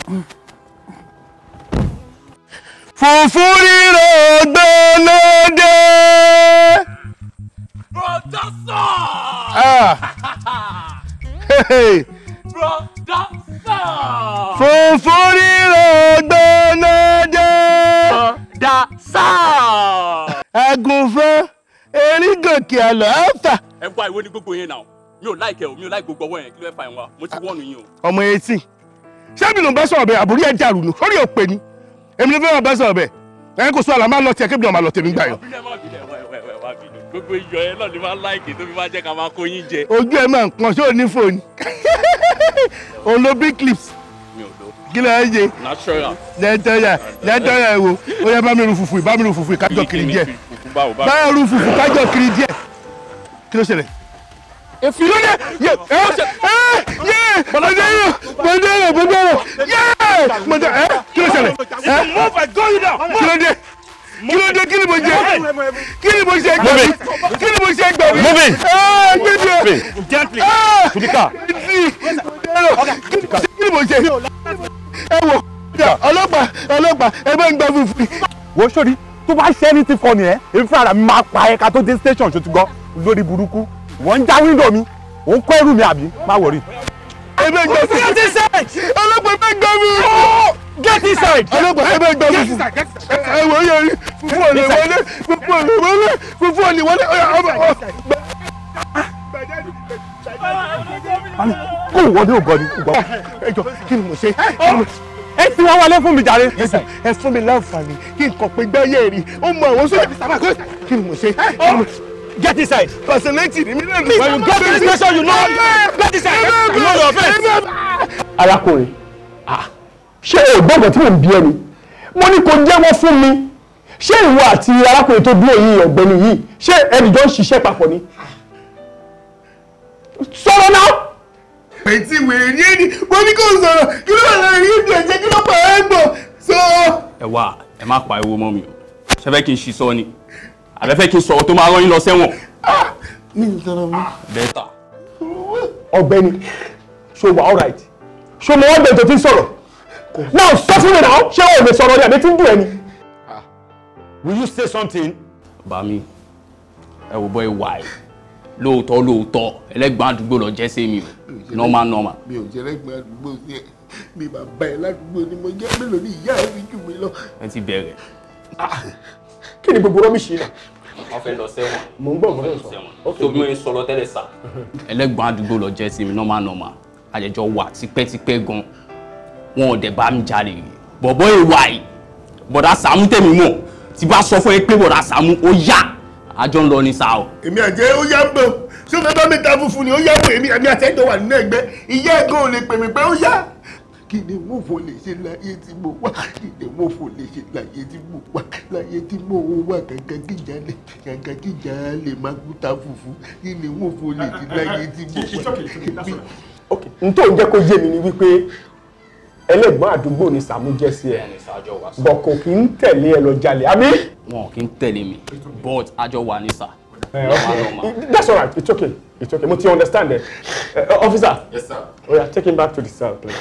ah. move it fùfú rírò gbẹ́lódé. broda ah. sọ. broda sọ. fùfú rírò gbẹ́lódé. broda sọ. ẹgúnfẹ́ erin gòkè àlọ́ ẹ̀fà. ẹ wá ìwé ní gbogbo yẹn náà mi ò láìkẹ́ o mi ò láì gbogbo ọwọ́ yẹn kí ló fà yín wá mo ti wọ́ọ̀nù yín o. ọmọ etí ṣé mi ló ń bá sọ̀rọ̀ bẹ́ẹ̀ àbúrí ẹ̀ dàrú ni sórí òpè ni èmi ló fẹ́ wọn bá sọ̀rọ̀ bẹ́ẹ̀ ẹ̀yin kò sọ àlà máa lọ tiẹ̀ kébìnrin ọ̀ma lọ tèmi gbà yọ. gbogbo iyọ̀ ẹ náà ni máa ń láìkè tó fi máa jẹ́ ká máa kó yín jẹ. ojú ẹ máa ń pọn ṣé ò ní fóònù olóbi clips kí ló ń ṣe. natural. natural natural wo ó yẹ bá mi ru fufu bá mi ru fufu kájọ kiri díẹ̀ bá ru fufu kájọ kiri díẹ̀ kí ló ṣẹlẹ̀. èfi ló dé yé yé yé. you move I go you down. kí ló dé kí ló dé kí ni mo jẹ kí ni mo ṣe gbà mí kí ni mo ṣe gbà mí. move ah, it move it gently ah, ah, to the car. kí ni mo ṣe ẹ wò ọlọ́pàá ọlọ́pàá ẹ bá ń gbà fúnfún. wo sórí tó bá ṣe ẹni tí fọ ni ẹ èmi fúnra mi máa pa ẹ ká tó dé station ṣó ti gbọ́ lórí burúkú wọ́n ń já wíńdò mi òun kọ́ ẹrù mi àbí má wọrí. ẹgbẹ́ gbọ́ mi ọlọ́pàá ẹgbẹ́ gbọ́ mi get inside. ọlọ́pàá ẹ bẹ gbọ́ mi ẹ wọ yẹ rí fufu ọ̀nì wọlé fufu ọ̀nì wọlé fufu ọ̀nì wọlé ọmọ ọ. kó wọlé ò gbọ́ ni ò ẹ jọ kí ni mo ṣe ẹ ti wá wọlé fún mi jàre. ẹ fún mi láǹfààní kí n kàn pé gbẹ́yẹ̀ rí ó mọ àwọn sọ́yà kí ni mo ṣe. Get inside. Personality ni mi When you get to the you know get inside. You know your offence. Arákùnrin, ah ṣé ògbọ́ngàn tí mò ń bí ẹni mo ní kò jẹ́wọ́ fún mi ṣé ìwọ àti arákùnrin tó dúró yìí ọ̀gbẹ́ni yìí ṣé ẹnì jọ ń ṣiṣẹ́ papọ̀ ni sọ̀rọ̀ náà. pẹ̀tí wèrè ní ẹni mo ní kò sọ̀rọ̀ kí ló lọ rí ibi ẹ̀jẹ̀ kí ló pa ẹ̀ gbọ̀ sọ. ẹ wá ẹ má pariwo mọ́ mi o ṣe fẹ́ kí n ṣi sọ ni àbẹ́fẹ́ kí n sọ̀rọ̀ tó máa rán yín lọ sẹ́wọ̀n. Ah, mi ò tọrọ mi. bẹ́ẹ̀ ta. ọ̀gbẹ́ni ṣo wà all right ṣo mo wá bẹ̀rẹ̀ tó ti sọ̀rọ̀ now sọ fún mi náà ṣé o lè sọ̀rọ̀ ni àbí tí ń dùn will you say something. bàmí ẹ wò boy, why? Low ẹ low lóòótọ́ ẹlẹ́gbàá àdúgbò lọ jẹ́ sí mi o normal normal. mi ò jẹ́ ẹlẹ́gbàá àdúgbò sí ẹ mi bàbá ẹ ládùúgbò ni mo jẹ́ mélòó ni ìyá ẹ fi jù mí lọ. ẹ ti bẹ̀rẹ̀. Ah. kí ni gbogbo rọ́mì ṣe rẹ̀. wọ́n fẹ́ lọ sẹ́wọ̀n. mò ń gbọ́ mò ń sọ. tó bí wọ́n sọ lọ tẹ́lẹ̀ sá. ẹlẹ́gbàá àdúgbò lọ jẹ́ sí mi normal normal àjẹjọ wà tipẹ́tipẹ́ gan-an wọn ò dẹ̀ bá mi jalè bọ̀bọ̀ ìwà yìí bọ̀dá Sàámú tèmi mọ̀ tí bá sọ fún ẹ pé bọ̀dá Sàámú ó yá àjọ ń lọ ní sáà o. èmi àjẹ́ ó yá ń bọ̀ ṣé fẹ́ bá mi ta funfun ni ó yá wò èmi àmì àtẹ́jọ́ wà nínú ẹgbẹ́ ìyá ẹ̀gbọ́n ò lè pè mí pé ó yá. kí ni mo fò lè ṣe láyé tí mo wà kí ni mo fò lè ṣe láyé tí mo wà láyé tí mo wà kankan kíjà lè kankan kíjà lè má kú ta funfun kí ni mo fò lè ṣe láyé tí mo wà. n tó ń jẹ́ kó yé mi ni wípé ẹlẹ́gbọ́n àdúgbò ni Sàámú jẹ́ sí ẹ bọ̀ kò kí ń tẹ̀lé ẹ lọ jalè àbí. wọn kì í tẹ̀lé mi but àjọ wà ní sà. that's all right it's okay it's okay mo ti understand it. uh, officer yes, sir. oya oh, take him back to the cell please.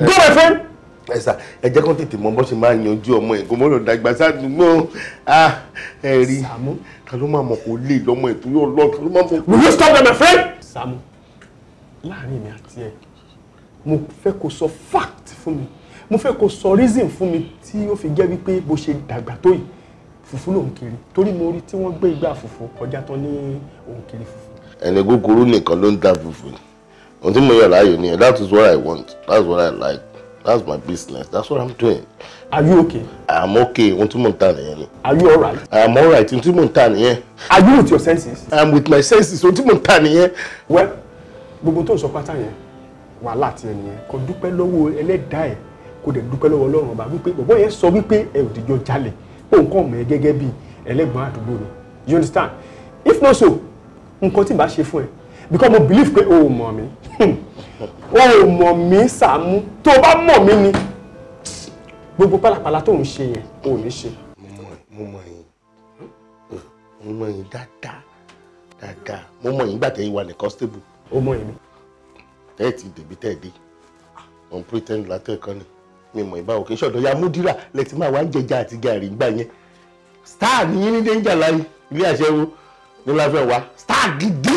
go my friend. ẹ sà ẹ jẹ́ kó tètè mọ bó ṣe máa yanjú ọmọ ẹ̀ gòmọ́rò dàgbà sádùúgbò ah, ẹ rí ta ló máa mọ̀ kó lè lọ́mọ ẹ̀ tó yọ lọ ta ló máa mọ̀. will you stop them my friend. Sàámú láàrin mi àti ẹ mo fẹ́ kó sọ fact fún mi mo fẹ́ kó sọ reason fún mi tí ó fi jẹ́ wípé bó ṣe dàgbà tó yìí fùfú lòun kiri torí mo rí tí wọ́n gbé igbá fùfú kọjá tán ní òun kiri fùfú. ẹni gúgúrú nìkan ló ń dá fùfú ohun tí mo yàn láàyò nìyẹn that is what i want that is what i like that's my business that's what i'm doing. are you okay. i am okay ohun tí mo ń tà nìyẹn ni. are you alright. i am alright ohun tí mo ń tà nìyẹn. are you with your senses. i am with my senses ohun tí mo ń tà nìyẹn. well gbogbo tó ń sọ pátá yẹn wàhálà tiẹ̀ nìyẹn kò dúpẹ́ lọ́wọ́ ẹlẹ́dàá ẹ̀ kò dẹ̀ dúpẹ́ lọ́wọ́ ọlọ́run ọba wípé bọ̀bọ́ yẹn sọ wípé ẹ ò dìjọ jalè pé nǹkan mọ̀ ẹ́ gẹ́gẹ́ bíi ẹlẹ́gbọ̀n àdúgbò ni you understand if not so nǹkan tí n bá ṣe fún ẹ because mo believe pé o ò mọ̀ mí hmm. o ò mọ̀ mí Sàámú tó o bá mọ̀ mí ni gbogbo pálapàla tó ń ṣe yẹn o ò ní ṣe. mo mọ̀ yín hmm. mo mọ̀ yín dáadáa dáadáa mo mọ̀ yín gbàtẹ́ ìwà ní constable. o mọ̀ yín mi tẹ́ ẹ̀ ti dèbí tẹ́ ẹ̀ dé on pretend látẹ̀kan ni mi mọ̀ ìbáwò kí sọ̀dọ̀ ya múdírà lẹ́tí máa wá ń jẹja àti gàrí gbà yẹn star ni yín ní danger line ilé àṣẹwó ní láfẹ́ wa star gidi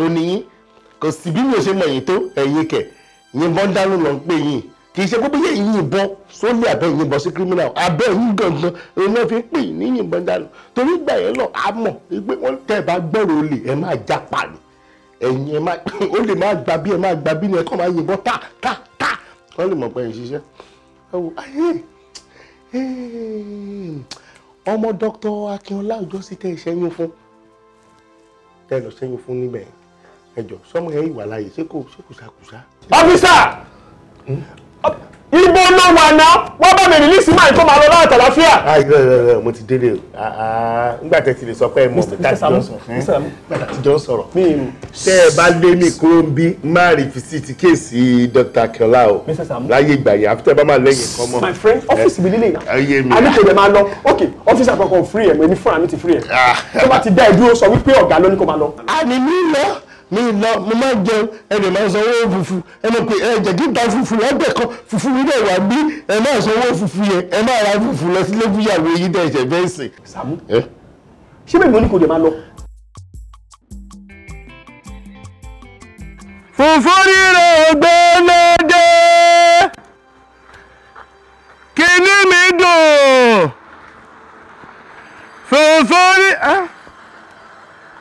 ó ní yín kò sì bí mi ò ṣe mọ̀ yín tó ẹ̀yin kẹ̀ yìnbọn dánú lọ ń pè yín kì í ṣe gbogbo yẹn yìnbọn sólè abẹ́ yìnbọn sí criminal abẹ́ yín gangan ẹni ẹ fi ń pè ní yìnbọn dánú torí gbà yẹn lọ àmọ́ ìgbé wọn tẹ́ ẹ bá gbọ́rọ̀ olè ẹ máa jápa ni ẹ̀yin ẹ má ó lè má gbà bí ẹ má gbà bí ni ẹ kàn máa yìnbọn tá tá tá wọ́n lè mọ̀ pé ẹ̀ ń ṣiṣẹ́ ẹ wò ayé eh, ọmọ dókítà Akínọlá Òjọ́sí tẹ́ ẹ ṣẹ́yún fún tẹ́ ẹ lọ ṣẹ́yún fún níbẹ̀ ẹjọ sọmọ ẹ ìwà láàyè ṣé kò ṣàkùṣà. ọ́físà hmm? ibo ló wà náà bá mi rìlíìsì máa tó máa lọ láàtà láfíà. Ah, mo ti délé o ah, ah, nígbà tẹ́ ti lè sọ pé ẹ mọ̀ mi tàbí jọ sọ̀rọ̀ tẹ́ ẹ bá lé mi kúrò ń bí má rí fisiti kéèsì Dr. Kiola o láyé ìgbà yẹn àfi bá máa lẹ́yìn kan mọ́. my friend ọ́fíìsì mi lílé yìí àmì kò máa lọ ok ọ́fíìsì àkọ́kọ́ free ẹ̀ mọ̀ èmi fúnra mi ti free ẹ̀ tó bá ti dá ẹ̀ dúró sọ wípé ọ̀gá ló ní máa lọ. a ní mi lọ mi lọ mo máa jẹun ẹnì máa sanwó fufu ẹnì pé ẹ jẹ kí fufu lọ́bẹ̀ kan fufu mi náà wà bí ẹ máa sanwó fufu yẹn ẹ máa ra fufu lọ sílé fúyàwó yìí dẹ̀ ẹ̀jẹ̀ bẹ́ẹ̀ sìn. Sàámú ṣé bẹ́ẹ̀ ni oníkò lè máa lọ. fùfú rírò gbẹ́lẹ́dẹ́ kìíní mi dùn fùfú rí ah.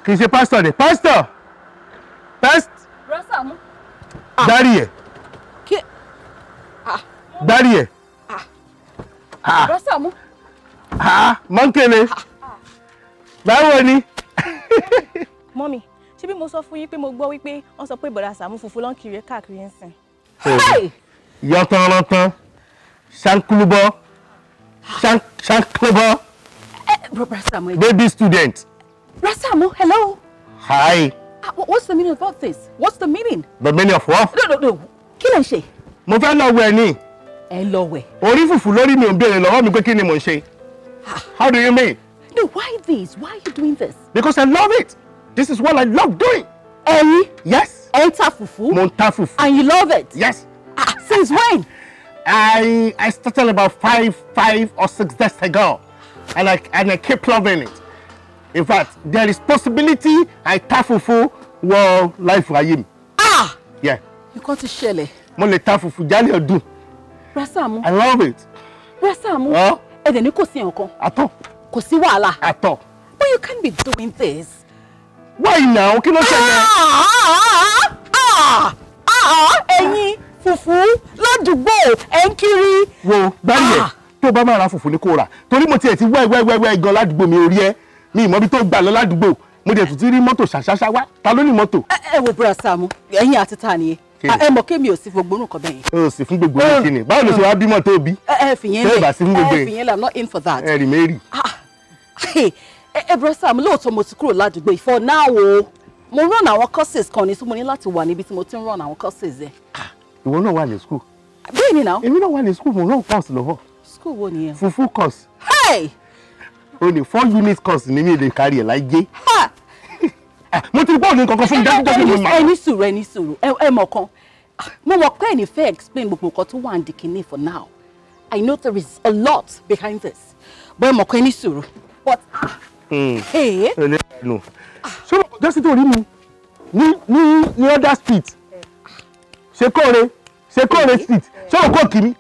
kì í ṣe pásítọ̀ ni pásítọ̀ pest. rọ́ṣà mú. dárí ẹ̀. kí. dárí ẹ̀. rọ́ṣà mú. mọ́ńkèlè. báwo ni. mọ́mì ṣé bí mo sọ fún yín pé mo gbọ́ wípé wọ́n sọ pé bọ̀dà Sàámú funfun ló ń kiri káàkiri ń sìn. yọtọrọtọ sankulubọ sankulubọ baby student. Rasamu, hello. Hi. Ah, what's the meaning about this? What's the meaning? The meaning of what? No, no, no. Kill and ń ṣe? Mo fẹ́ lọ wẹ̀ ni. Ẹ lọ wẹ̀. Orí fùfù lórí mi ò ń béèrè lọ́wọ́ mi pé kí ah. How do you mean? No, why this? Why are you doing this? Because I love it. This is what I love doing. Ẹyin. Yes. Enter fufu. Monta fufu. And you love it. Yes. Ah, since when? I I started about five five or six days ago, and I and I keep loving it in fact there is possibility àìtáfùfù wọ láìfù ayé mi. ah yeah. nǹkan ti ṣẹlẹ̀. mo lè ta fùfù jálẹ̀ ọdún. rasamu i love it. rasamu ẹ̀dẹ̀ ni kò sí nǹkan. àtọ̀. kò sí wàhálà. àtọ̀. but you can't be doing this. why now kí ló ṣẹlẹ̀. Ah, ah, ah, ẹ̀yin fùfú ládùúgbò ẹ̀ ń kiri. wo gbáyé tó o bá máa ra fùfú ni kó o rà torí mo tiẹ̀ ti wẹ́ẹ́wẹ́ẹ́wẹ́ gan ládùúgbò mi orí ẹ̀ mi ìmọ̀bí tó gbà lọ ládùúgbò mo dẹ̀ tún ti rí mọ́tò ṣàṣàṣà wá ta ló ní mọ́tò. ẹ wo bùrọ̀ Sàámú ẹ̀yin àti ta nìyẹn ẹ mọ̀ kémi ò sí fún gbónú kan bẹ́yẹn. o sì fún gbogbo yẹn kíni báwo ló ṣe wá bímọ tó bí. ẹ fìyẹn lẹ ẹ fìyẹn lẹ i'm not in for that. ẹ rì mẹ́rì. Ah, ẹ bùrọ̀ Sàámú lóòótọ́ mo ti kúrò ládùúgbò for now o mo run àwọn courses kan ni so mo ní láti wà níbi tí mo ti ń run àwọn courses ẹ. Ah, ìwọ náà wà ní school. bẹ́ẹ̀ ni náà. èmi náà wà ní school mo run course lọ́wọ́. school wo nìyẹn. fufu course. hey Only four unit course ni mi carry kárí ẹ̀ láyé. Ah, mo ti rí bọ́ọ̀lù kankan fún mi dájúdájú mi máa. ẹni suru, ẹni suru. E, mọ̀ kan mo mọ̀ pé ẹni fe explain gbogbo nǹkan tó wà ní kìíní for now I know there is a lot behind this but ẹ mọ̀ suru. But. Hmm. but. No. So just sí torí mi ni ni ní other street ṣe kóore ṣe kóore street ṣọ́dọ̀ kó kìíní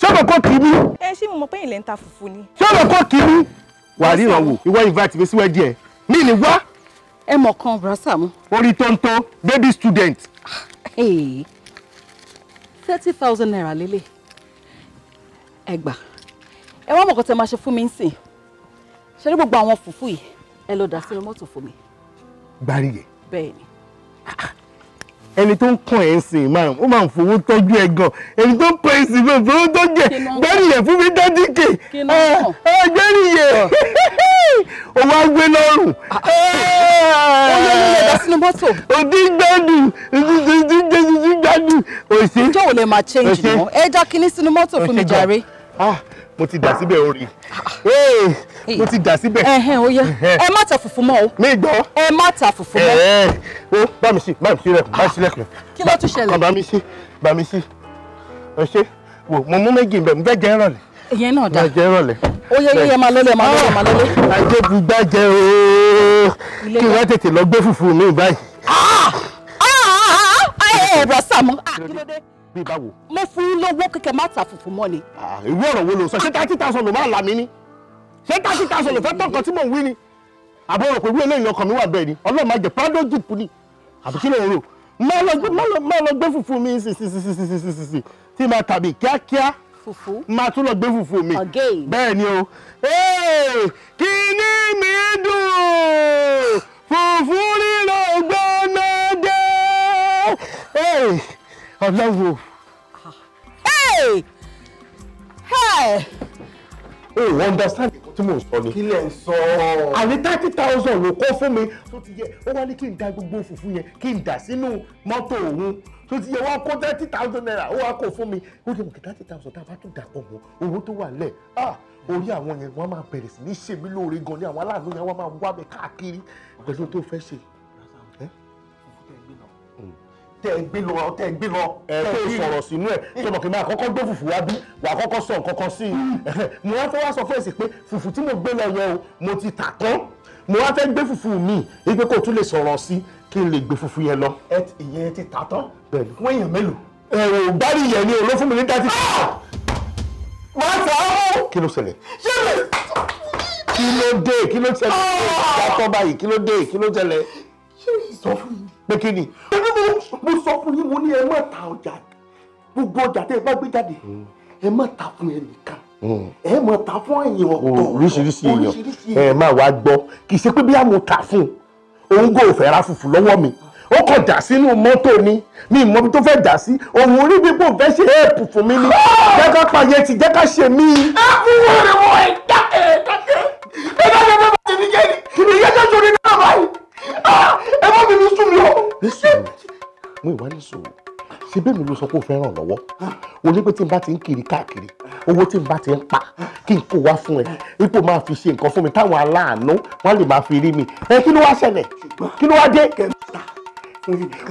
ṣọ́dọ̀ kó kìíní. ẹ ṣé mo mọ̀ pé ilẹ̀ ń ta fùfú ni. ṣọ́dọ̀ kó kìíní wà á ríran wò ìwọ invite mi síwájú ẹ mí ni wá. ẹ mọ̀ kan brasa mu. orí tóńtó baby student. Ah, thirty thousand naira lélẹ̀ ẹ gbà ẹ wá mọ̀kàn tẹ máa ṣe fún mi nsìn ṣe ní gbogbo àwọn fùfú yìí ẹ lọ dà sínú mọ́tò fún mi. gbárí yẹ. bẹ́ẹ̀ ẹni tó ń kàn ẹ́ ń sìn máa ó máa ń fowó tọ́jú ẹ gan ẹni tó ń pè é sí fún fowó tọ́jú ẹ gbẹ́rìyẹ fún mi dájú kè ẹ gbẹ́rìyẹ ó wá gbé lọ́rùn. Ah. Ah. òdí gbádùn òdí gbádùn òsè. ìjọ ò lè máa change nù ẹ já kinní sínú mọ́tò fún mi jàre. Ah mo ti dà síbẹ̀ orí mo ti dà síbẹ̀. ẹ má ta fùfú mọ́ o. mi gbọ́. ẹ má ta fùfú mọ́. ó bá mi sí bá mi sí lẹ́kùn bá mi sí lẹ́kùn. kí ló tún ṣẹlẹ̀. bá mi sí bá mi sí ẹ ṣe wò mo mú méjì bẹ̀ mo fẹ́ jẹ́ ìrọ̀lẹ́. ìyẹn náà dá mo jẹ́ ìrọ̀lẹ́. ó yẹ yẹ máa lọlé máa lọlé máa lọlé. àjẹbù gbàjẹ ooo kí wọ́n tètè lọ gbé fùfú mi báyìí. Ah, ah, ah, ẹ ẹ rọ sàmú kí ló dé bí báwo. mo fún yín lówó kẹ̀kẹ́ má ta fùfú mọ́ ni. ìwé ọ̀rọ̀ wo ló sọ ṣé thirty thousand ló máa là mí ni ṣé thirty thousand ló fẹ́ tọkàn tí mò ń wí ni àbọ̀ rò pé wí eléyìí ọkàn mi wà bẹ́ẹ̀ ni ọlọ́run máa jẹ prado jeep ni àbí kí ló ń rò má lọ gbé fùfú mi sísísísísísí tí máa tàbí kíákíá fùfú. máa tún lọ gbé fùfú mi. bẹ́ẹ̀ ni o. kíní mi dùn fùfú lílo gbọ́nà dé. Hey, o Hey, understand nǹkan tí mò ń sọ ni. kí lẹ̀ ń sọ. àní thirty thousand ló kọ́ fún mi tó ti yẹ ó wá ní kí n da you. fùfú yẹn kí You dà sínú mọ́tò òun tó ti yẹ wá kó thirty thousand naira ó wá kó fún mi ó yẹ mọ̀kẹ́ thirty thousand tá a bá tún dà pọ̀ mọ́ owó tó wà lẹ̀ ah orí àwọn yẹn wọ́n máa bẹ̀rẹ̀ sí ní ṣèmí lóore gan ni àwọn aláàánú yẹn wọ́n máa wá bẹ̀ káàkiri pẹ̀lú tó fẹ́ ṣe tẹ ẹ gbé lọ tẹ ẹ gbé lọ. ẹ kó o sọ̀rọ̀ sínú ẹ̀ tó mọ̀ kí n máa kọ́kọ́ gbé fùfù wá bí wà á kọ́kọ́ sọ nǹkan kan sí i. mo wá fẹ́ wá sọ fún pé fùfù tí mo gbé lọ yẹn o mo ti tà tán mo wá fẹ́ gbé fùfù mi ipe kó o tún lè sọ̀rọ̀ sí kí n lè gbé fùfù yẹn lọ. ẹ ìyẹn ti tà tán fún èèyàn mélòó. ẹ̀rọ ògbárí yẹn ni òró fún mi ní dátì. Ah! máa tà á mú. kí ló ṣẹlẹ̀? ṣé mi kí ló dé kí ló ṣẹlẹ̀? Ah! yàtọ̀ pé kí ni. mo sọ fún yín mo ní ẹ má ta ọjà gbogbo ọjà tẹ́ ẹ bá gbé jáde ẹ má ta fún ẹnìkan hmm. ẹ má ta fún ẹ̀yìn hmm, ọ̀tọ̀ oríṣiríṣi èèyàn ẹ má wá gbọ́ kì í ṣe pé bí a mọ̀ ta fún òun kò fẹ́ ra fùfú lọ́wọ́ mi ó kàn dà sínú mọ́tò ni mi mọ ibi tó fẹ́ dà sí òun orí mi kò fẹ́ ṣe éèpù fún mi ni jẹ́ ká pààyè tí jẹ́ ká ṣe mí. ẹ fún wọn rẹ wọ ẹ dákẹ́ ẹ dákẹ́ ẹ dákẹ́ bẹ́ẹ̀ bá ti ní kẹ́ni ìyẹn tó sori náà báyìí ẹ má bínú sùn mí o. nísòro mo ìwà nísòro ṣe bẹ́ẹ̀ mi ló sọ pé o fẹ́ràn lọ́wọ́ o ní pé tí n bá ti ń kiri káàkiri owó tí n bá ti ń pa kí n kó wá fún ẹ ipò máa fi ṣe nǹkan fún mi táwọn aláàánú wọn lè máa fi rí mi ẹ kí ló wá ṣẹlẹ̀ kí ló wá dé.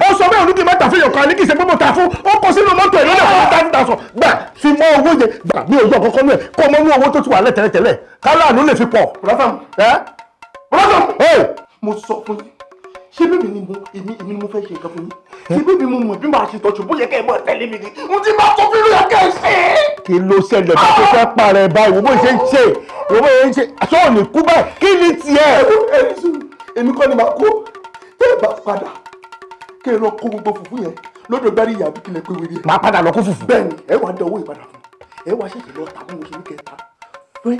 ó sọ bẹ́ẹ̀ olùkí mẹ́ta fẹ́yàn kan ní kì í ṣe gbogbo ta fún ó kó sínú mọ́tò ẹ̀ lọ́dọ̀ àwọn táwọn tasọ̀ gbà fi mọ owó yẹn gbà mí ò yọ kankan mẹ́ kó mọ́ ní owó tó ti wà lẹ́tẹ̀lẹ́tẹ̀lẹ̀ káláàánú lè fi pọ̀. rọ́fàm. rọ́fàm mo sọ fún yín ṣé bébì ni mo èmi èmi ni mo fẹ́ ṣe nǹkan fún yín ṣé bébì mo mọ̀ bí màá ṣe tọ́jú bóyá kẹ́ ẹ mọ̀ tẹ́lẹ̀ mi ni mo ti máa sọ fílù yẹn kẹ́ ẹ ṣe. kí ló ṣẹlẹ̀ bá tó fẹ́ parẹ́ báyìí wo bó ṣe ń ṣe wo bó ṣe ń ṣe aṣọ ò ní kú báyìí kí ni tiẹ̀. èmi kọ́ ni màá kó tẹ́ ẹ bá padà kẹ́ ẹ lọ kó gbogbo fùfú yẹn lọ́dọ̀ gbárí ìyá àbíkílẹ̀ pé wèrè. màá padà lọ kó fùfú. bẹ́ẹ̀ni ẹ wàá dánwó ìpadà fún ẹ wàá ṣẹ̀ṣẹ̀ lọ tàbí oṣù kẹta pé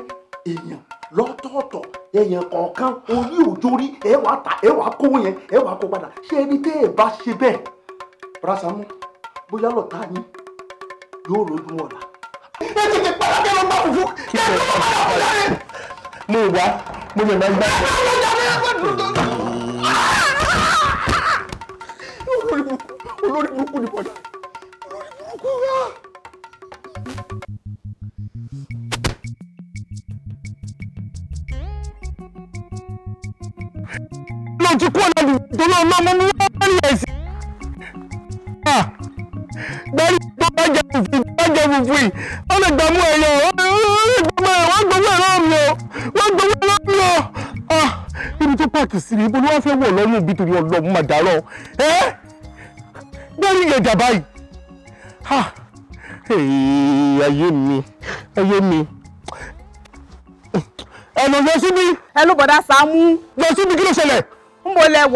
èèyàn lọ́tọ̀ọ̀tọ̀ èèyàn kọ̀ọ̀kan orí òjòrí ẹ wàá ta ẹ wàá kó yẹn ẹ wàá kó padà ṣé ẹni tẹ́ ẹ bá ṣe bẹ́ẹ̀ Brasamu bóyá lọ́tà ni yóò lójú ọ̀la. ẹ ti lè padà kí ló máa wù fún kí ló máa wà lọ́wọ́ rẹ̀. mo wá mo lè máa gbá. olórí burúkú ni bọ́dà. torí ọmọ mo ní wọ́n lè sí. gbẹ́rù ah, tó bá jẹ fùfú bá jẹ fùfú yìí wọ́n lè gbà mú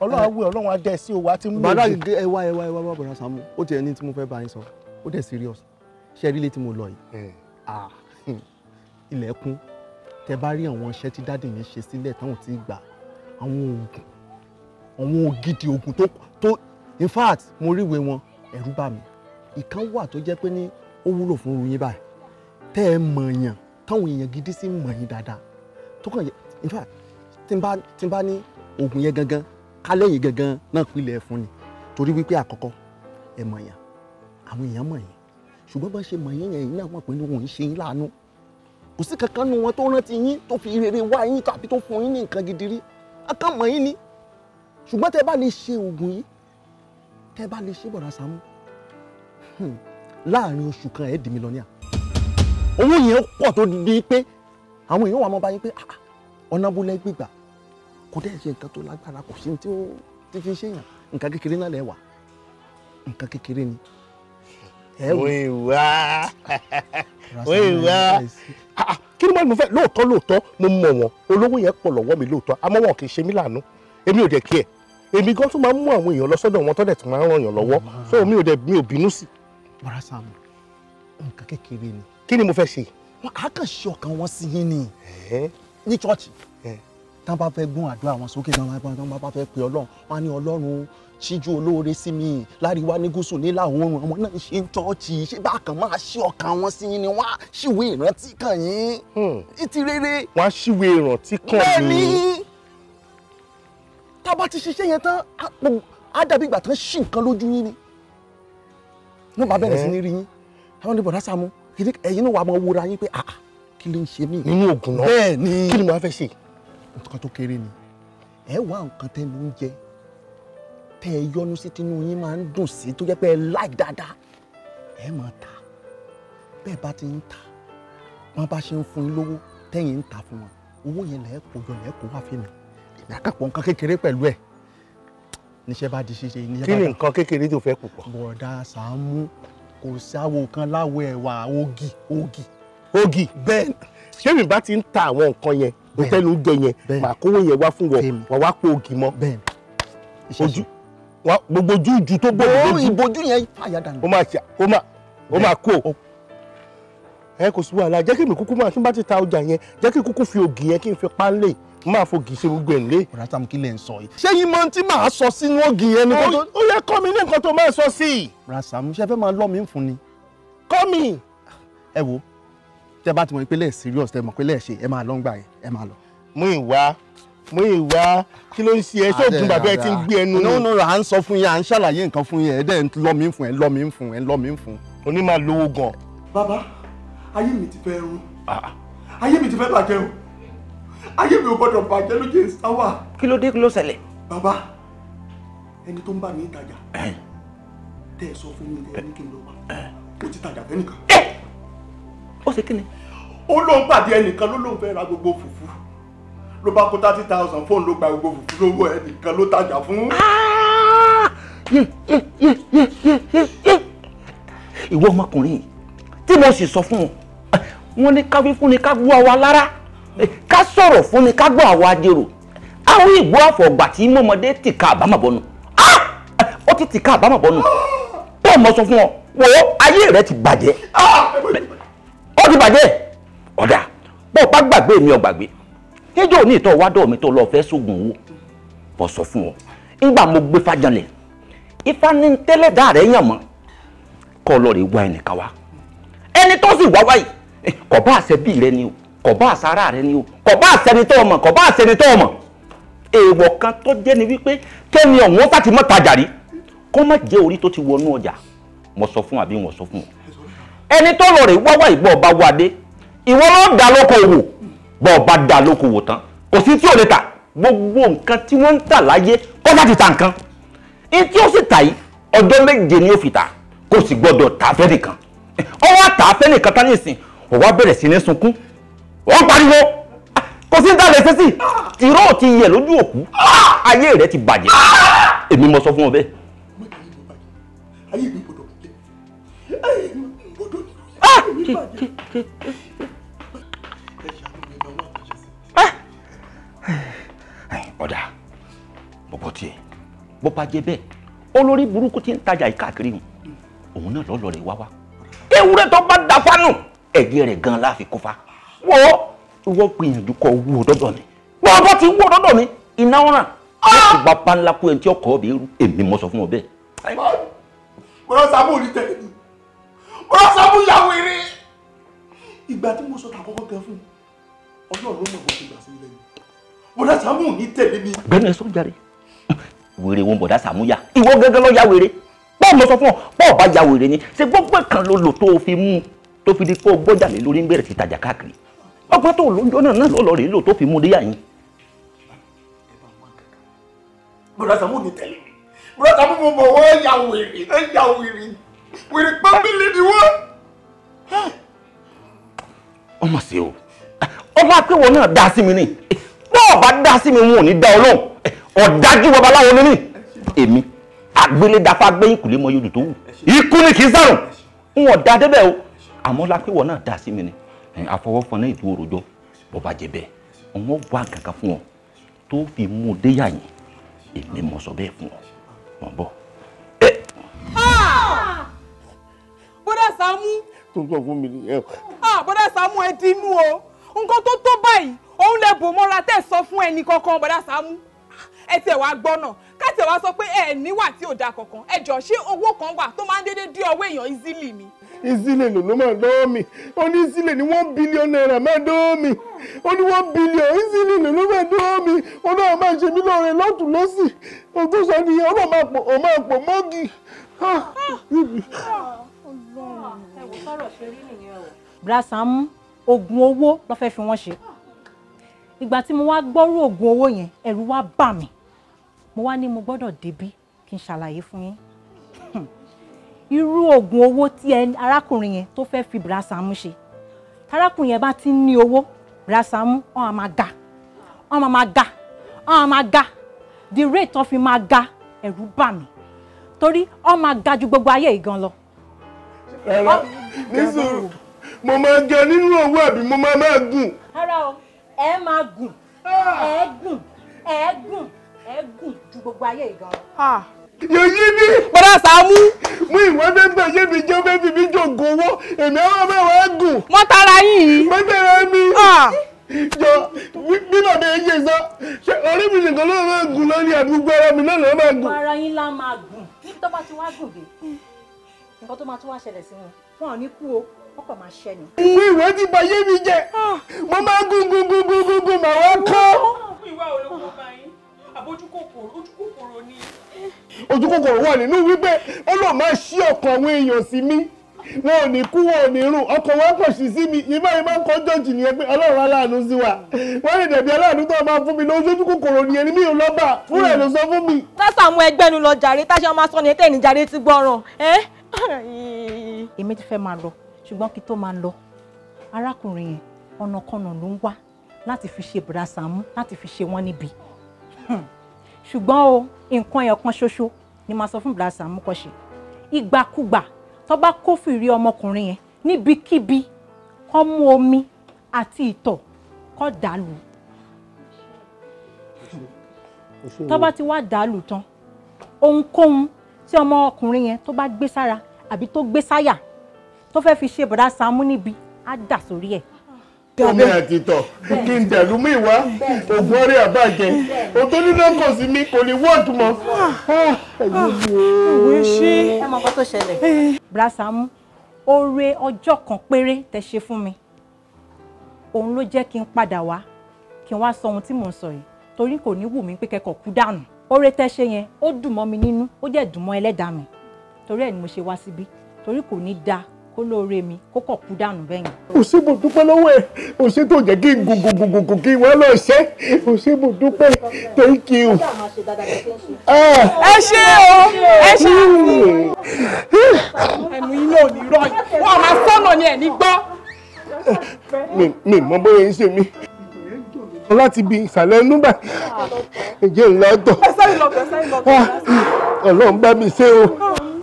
ọlọ́run awé ọlọ́run adé sí owó àti mú. bàdá ẹ wá ẹ wá ẹ wá bàbá Sàámú ó tiẹ̀ ní tí mo fẹ́ bá yín sọ ó dẹ̀ serious ṣe rí ilé tí mo lọ yìí ah, hmm. ilẹ̀ kún tẹ bá rí àwọn iṣẹ́ tí dáàdì mi ṣe sílẹ̀ táwọn ti gbà àwọn oògùn àwọn ògidì oògùn tó tó in fact mo ríwe wọn ẹ̀rú bà mí ìkan wà tó jẹ́ pé ní ó wúlò fún oyin báyìí tẹ́ ẹ mọ̀ọ̀yàn táwọn èèyàn gidi sì mọ̀yìn dáadáa tó kàn yẹ in fact tí n bá ní oògùn yẹn gangan kálẹ́yìn gangan náà pilẹ̀ fún ni torí wípé àkọ́kọ́ ẹ mọ̀ yàn àwọn èèyàn mọ̀ yín ṣùgbọ́n bá ṣe mọ̀ yín yẹn yín náà mọ̀ pé wọn ń ṣe yín láàánú kò sí kankan nu wọn tó rántí yín tó fi rere wá yín tàbí tó fún yín ní nǹkan gidi rí akán mọ̀ yín ni ṣùgbọ́n tẹ́ bá lè ṣe oògùn yìí tẹ́ bá lè ṣe bọ̀dá Sàámú hmm, láàrin oṣù kan ẹ̀ dì mí lọ ní à owó yẹn pọ̀ tó di pé àwọn èèyàn wà mọ́ báyìí pé ah, ọ̀nà bó kò dẹ́ ṣe nǹkan tó lágbára kò sí tí ó ti fi ṣèyàn nǹkan kékeré náà lẹ wà nǹkan kékeré ni. wíwá wíwá kí ni wọ́n mú fẹ́ lóòótọ́ lóòótọ́ mo mọ̀ wọ́n olówó yẹn pọ̀ lọ́wọ́ mi lóòótọ́ àmọ́ wọn kì í ṣe mí láàánú èmi ò dẹ̀ kí ẹ̀ èmi gan tún máa ń mú àwọn èèyàn lọ sọ́dọ̀ wọn tọ́lẹ̀ tún máa ń ràn yàn lọ́wọ́ so mi ò dẹ̀ mi ò bínú sí. bàrà sàmù nǹkan kékeré ni. kí ni mo fẹ́ ṣe. wọn á ṣe ọkàn wọn sí yín ni ní ṣọ́ọ̀ṣì tán bá fẹ́ gún àdúrà wọn sókè tán bá tán bá fẹ́ pe ọlọ́run wọn á ní ọlọ́run ṣíjú olóore sí mi láríwá ní gúúsù nílà oòrùn àwọn náà ṣe ń tọ́ọ̀tì ṣé bákan máa ṣí ọkàn wọn sí ni wọ́n á ṣìwé ìrántí kàn yín ìtì hmm. rere. wọ́n á ṣìwé ìrántí kàn mí. bẹ́ẹ̀ni tá a bá ti ṣiṣẹ́ yẹn tán á dàbí ìgbà tán ṣì nǹkan lójú yín ni náà bá bẹ̀rẹ̀ sí ní rí yín àwọn ní bọ̀dá Sàámú ẹ̀yin náà wà á mọ wúra yín pé ah, ah, kí ló ń ṣe mí. nínú òògùn náà bẹ́ẹ̀ kí ni mo á fẹ́ ṣe nǹkan tó kéré ni ẹ wá nǹkan tẹnu ń jẹ tẹ ẹ yọnu sí tinú yín máa ń dùn sí tó jẹ́ pé ẹ láì dáadáa ẹ máa ta bẹ́ẹ̀ bá ti ń ta wọn bá ṣe ń fún yín lówó tẹ̀yìn ń ta fún wọn owó yẹn lẹ́ẹ̀ kó jọ lẹ́ẹ̀ kó wá fún mi èmi àkàpọ̀ nǹkan kékeré pẹ̀lú ẹ̀ níṣẹ́ bá di ṣíṣe níṣẹ́ bá dà kí ni nǹkan kékeré tó fẹ́ kù pọ̀. bọ̀dá kò sáwo kan láwo ẹ̀wà ogi ogi ogi bẹ́ẹ̀ ṣé mi bá ti ń ta àwọn nǹkan yẹn ìtẹ́nu jẹ yẹn màá kówó yẹn wá fún wọn wà wá kó ògì mọ́ ojú gbogbo ojú ju tó gbogbo ojú ìbojú yẹn fàyà dànù. ó máa ṣe ó máa ó máa kú o ẹ kò sí wàhálà jẹ́ kí mi kúkú máa kí n bá ti ta ọjà yẹn jẹ́ kí kúkú fi ògì yẹn kí n fi pálẹ̀ máa fògì ṣe gbogbo ẹ̀ lé. ọ̀rọ̀ àtàwọn kí lè ń sọ yìí. ṣé yín mọ tí màá sọ sínú ògì yẹn nìkan tó. ó yẹ kọ́ mi ní nǹkan tó máa sọ sí i. rasamu ṣe fẹ́ máa lọ́ mi fún ni. kọ́ mi. ẹ wo tẹ́ bá ti mọ̀ pé lẹ́ẹ̀ serious tẹ́ mọ̀ pé lẹ́ẹ̀ ṣe ẹ máa lọ ń gbà yẹn ẹ máa lọ. mú ìwà mú ìwà kí ló ń ṣe ẹ ṣóògùn ah, bàbá ẹ ti ń gbé ẹnu ni. nínú à ń sọ fún yín à ń ṣàlàyé nǹkan fún yín ẹ dẹ́ ń lọ mí fún ẹ lọ mí fún ẹ lọ mí fún. oní máa lówó gan. bàbá ayé mi ti fẹ́ run ah, ah. ayé mi ti fẹ́ bàjẹ́ o ayé mi ò gbọ́dọ̀ bàjẹ́ ló jẹ́ sáwà. kí ló dé kí ló ṣẹlẹ̀. bàbá ẹni tó ń bá mi ìtajà tẹ́ ẹ sọ fún mi ẹ ní kí n lọ wá ó ti tajà fẹ́nìkan. ó ṣe kí ni ó lóun pàdé ẹnìkan ló lóun fẹ́ ra gbogbo fùfú ló bá kó thirty thousand fóun ló gba gbogbo fùfú lọ́wọ́ ẹnìkan ló tajà fún. ìwọ ọmọkùnrin tí mo sì sọ fún ọ wọn ní ká wí fún ni ká gbọ́ àwa lára ká sọ̀rọ̀ fún ni ká gbọ́ àwa dèrò àwọn ìgbó àfọ̀gbà tí mọ́mọdé tìka àbámọ̀bọ́nu ó ti tìka àbámọ̀bọ́nu bọ́ọ̀ mọ̀ sọ fún ọ wò ayé rẹ ti bàjẹ́ ó ti bàjẹ́ ọ̀dà bó o bá gbàgbé mi ò gbàgbé níjọ́ òní ìtọ́ wádọ́ mi tó lọ fẹ́ sógun owó bọ́ sọ fún ọ ńgbà mo gbé fájànlẹ̀ ifá ní tẹ́lẹ̀ dá rẹ̀ yàn mọ́ kọ́ lọ rè wá ẹnìkan wá ẹni tó sì wá wáyìí kò bá àṣẹbí rẹ ni o kò bá àṣàrà rẹ ni o kò bá àṣẹni tó mọ̀ kò bá àṣẹni tó mọ̀ èèwọ̀ kan tó jẹ́ ni wípé kẹ́ni ọ̀hún sá ti tajà rí kó má jẹ́ orí tó ti wọnú ọjà mo sọ fún àbí wọn sọ fún ẹni tó lọ rè wá wáyìí bọ́ ọba wá dé ìwọ ló dá lókòwò bọ́ ọ bá dá lókòwò tán kò sí tí ò lè tà gbogbo nǹkan tí wọ́n ń tà láyé kọ́ láti ta nǹkan ní tí ó sì tà yìí ọjọ́ méje ni ó fi tà kò sì gbọ́dọ̀ tà fẹ́ nìkan ó wá tà fẹ́ nìkan tán nísìn ó wá bẹ̀rẹ̀ sí ní sunkún wọ́n pariwo kò sí dálé sẹ́sì tìró ti yẹ lójú òkú ayé rẹ ti bàjẹ́ èmi mo sọ fún ọ bẹ́ẹ̀. ayé mi gbọ́dọ̀ ayé mi gbọ́dọ̀ ayé mi bàjẹ́. Ah! ọ̀dà bọ́bọ́ tiẹ̀ bó bá jẹ bẹ́ẹ̀ olórí burúkú ti ń tajà yìí káàkiri ni òun náà lọ́ọ́ lọ rẹ̀ wá wá ewúrẹ́ tó bá da fánù ẹ̀gẹ́ rẹ̀ gan la fi kó fa wọ́ ìwọ gbìyànjú kọ wú ọdọ́dọ̀ mi bọ́bọ́ ti wú ọdọ́dọ̀ mi iná ọ̀ràn láti ah! gba panla kú ẹni tí ọkọ̀ ọ̀bẹ rú èmi mọ sọ fún ọ bẹ́ẹ̀. mo lọ sábà òní tẹ̀lé mi mo lọ sábà ìyàwó eré ìgbà tí mo sọ tàkọ́kọ́ kẹ fún ọlọ́run ló mọ̀ bó ti gbà sí ilé yìí bọ̀dá sàmú ní tẹ̀lé mi. gbẹ́nu ẹ sọ jàre wèrè wọn bọ̀dá sàmú yá ìwọ gángan lọ ya wèrè pọ́ọ̀ mo sọ fún ọ pọ́ọ̀ bá ya wèrè ni ṣe gbogbo kan ló lò tó fi mú tó fi di pé ó gbọ́jà lé lórí ń bẹ̀rẹ̀ sí tajà káàkiri ọgbọ́n tó lójó náà náà lọ́lọ́ rèé lò tó fi mú déyà yín. bọ̀dá sàmú ní tẹ̀lé mi bọ̀dá sàmú mo mọ̀ wọ́n ya wèrè ya wèrè wèrè pọ́ńbélé ni wọ́n. ọmọ sí o ọmọ akẹ́wọ̀n náà dá sí mi ní bọ́ọ̀ bá dá sí mi wọn ò ní dá ọ lóhùn ọ̀dájú babaláwo ni mí èmi àgbélédafá gbé ìkùlé mọ yòdù tó wù ikú ni kì í sàrùn n ò da débẹ̀ o àmọ́ lápẹ́wọ̀ náà dá sí mi ni àfọwọ́fọ́n náà ìdúró rojọ́ bó bá jẹ bẹ́ẹ̀ wọ́n wá gàgà fún ọ tó fi mú un déyà yìí èmi mọ̀ sọ bẹ́ẹ̀ fún ọ mọ̀ bọ́. Ah! bọ́dà Sàámú. tó ń sọ fún mi nìyẹn. Ah! bọ́dà Sàámú ẹ dínú o nǹkan tó tó báyìí òun lè bò mọ́ra tẹ́ ẹ̀ sọ fún ẹnì kankan bọ̀dá Sàámú ẹ tẹ̀ wá gbọ́ náà káàtì wá sọ pé ẹ níwà tí ò da kankan ẹ jọ ṣé owó kan wà tó máa ń déédéé dé ọwọ́ èèyàn ìzílì ni. ìzílẹ̀ ló ló máa dán mi ó ní ìzílẹ̀ ní one billion naira máa dán mi ó ní one billion ìzílẹ̀ ló ló máa dán mi ọlọ́run máa ṣe mí lóore lọ́tún lọ́sì ogún sọ ni ọlọ́run máa pọ̀ ọ̀ máa pọ̀ mọ́gì. Bra Saamu oògùn owó ló fẹ́ fi wọ́n ṣe ìgbà tí mo wá gbọ́rú oògùn owó yẹn ẹ̀rù wá bà mí mo wá ní mo gbọ́dọ̀ débí kí n ṣàlàyé fún yín irú oògùn owó tí arákùnrin yẹn tó fẹ́ fi brasamu ṣe tarákùnrin yẹn bá ti ń ní owó brasamu ọ̀n a ga ọ̀n a ga ọ̀n a ga the rate of fi máa ga ẹ̀rù bà mí torí ọ̀n máa ga ju gbogbo ayé yìí gan lọ. ẹ̀rọ ní sùúrù mo máa ga nínú owó àbí mo máa máa gùn. ara o ẹ máa gùn ẹ gùn ẹ gùn ẹ gùn ju gbogbo ayé ìgan lọ. yòyí mi padà Sàámú mú ìwọ́n fẹ́ gbà yé mi jẹ́ fẹ́ fi mi jòkó owó èmi àwọn mẹ́wàá gùn. mọ́tara yìí. mọ́tara mi jọ bíbọ̀ ni èyí sọ ṣe orí mi nìkan ló máa gùn lórí àdúgbò ara mi náà ló máa gùn. ara yín lá máa gùn tó bá ti wá gùn dé nǹkan tó máa tún wá ṣẹlẹ̀ sí wọn wọn ò ní kú o ó kàn máa ṣẹ́ ni. ìwé ìwé ti bá yé mi jẹ ah. mo máa ń gúngún gúngún gúngún màá wá kọ́. Ah. ìwà olóko máa yín àbójúkòkòrò ojúkòkòrò ni. ojúkòkòrò wà nínú wípé ó lọ máa ṣí ọkàn àwọn èèyàn sí mi wọn ò ní kú wọn ò ní rùn ọkọ̀ wọn kò sí sí mi yìí báyìí máa ń kọjọ́ jì nìyẹn pé ọlọ́run aláàánú sí wa wọ́n lè dẹ̀bi aláàánú tó máa fún mi lójoojú kòkòrò nìyẹn ni mi ò lọ́ba fúnra ẹ̀ ló sọ fún mi. tásà mú ẹgbẹ́ nu lọ jàre táṣà máa sọ ní ètè ìníjàre ti gbọ́ràn. èmi ti fẹ́ máa lọ ṣùgbọ́n kí tó máa lọ arákùnrin yẹn ọ̀nàkọ̀nà ló ń wá láti fi ṣe bùrà Sàámú láti fi ṣe wọ́n níbi hmm. ṣùgbọ́n o nǹkan ẹ̀yọ̀ kan ṣoṣo ni màá sọ fún bùrà Sàámú kó ṣe ìgbàkúgbà tó bá kófìrí ọmọkùnrin yẹn níbikíbi kó mú omi àti ìtọ̀ kó dàlù tó bá ti wá dàlù tán ohunkóhun tí ọmọkùnrin yẹn tó bá gbé sára àbí tó gbé sáyà tó fẹ́ fi ṣe bọ̀dá Sàámú níbi á dà sórí ẹ̀ tọ́mi àti tọ̀ kí n dẹ̀lú mí wá ògùn ọ̀rẹ́ àbájẹ òtó nínú kò sí mi kò ní wọ́ọ̀dù mọ́. ìwé ah. ah, ṣí. ẹ mọ nǹkan tó ṣẹlẹ̀. Eh. Bra Saamu oore ọjọ́ kan péré tẹ ṣe fún mi òun ló jẹ́ kí n padà wá kí n wá sọ ohun tí mò ń sọ yìí torí kò ní wù mí pé kẹ́kọ̀ọ́ kú dànù oore tẹ ṣe yẹn ó dùn mọ́ mi nínú ó dẹ̀ dùn mọ́ ẹlẹ́dàá mi torí ẹ̀ ni mo ṣe wá síbí torí kò ní dáa kó lóore mi kó kàn kú dànù bẹ́yìn. ó ṣé mo dúpẹ́ lọ́wọ́ ẹ̀ ó ṣé tó jẹ́ kí n gògògògò kí n wá lọ ṣẹ́ ó ṣé mo dúpẹ́ thank you. ẹ ah. ṣé o ẹ ṣé o. ẹnu iná ò ní rọ yìí wọn máa sọnà ni ẹ ní gbọ́. mi mọ bóyá ń ṣe mi láti bi ìsàlẹ̀ núbà ǹjẹ́ ńlá tọ̀ ah, ọlọ́run bá mi ṣe o.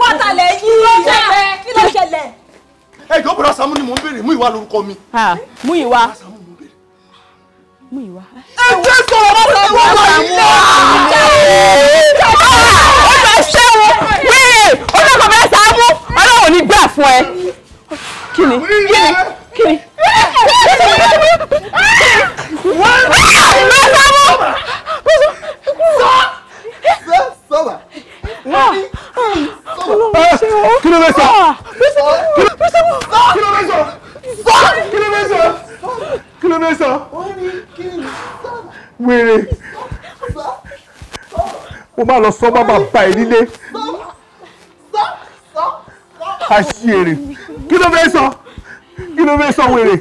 wá talẹ̀ yìí ló ṣẹlẹ̀ kí ló ṣẹlẹ̀. ẹ jọ bọ̀dá Sàámú ni mò ń béèrè Múyìwá lórúkọ mi. Múyìwá Múyìwá. ẹ jẹ́ sọ̀rọ̀ lọ́wọ́ ìwọ wà yìí. ó lọ ṣé o wíìrì olóko bẹ́ẹ̀ Sàámú ọlọ́run ní gbà fún ẹ. kí ni kí ni kí ni. wọ́n ń bá Sàámú. sọ sọ sọ ah! kí ló fẹ́ sọ kí ló fẹ́ sọ kí ló fẹ́ sọ kí ló fẹ́ sọ wèrè mo máa lọ sọ bàbá bá ẹ nílé àṣìírè kí ló fẹ́ sọ kí ló fẹ́ sọ wèrè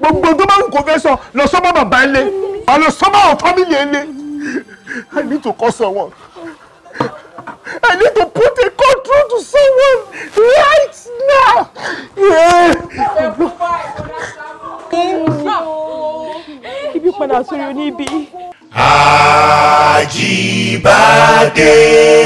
gbogbo tó bá wù kó fẹ́ sọ lọ sọ bàbá bá ẹ lé àlọ sọ bàbá fámìlì ẹ lé I need to call someone I need to. again.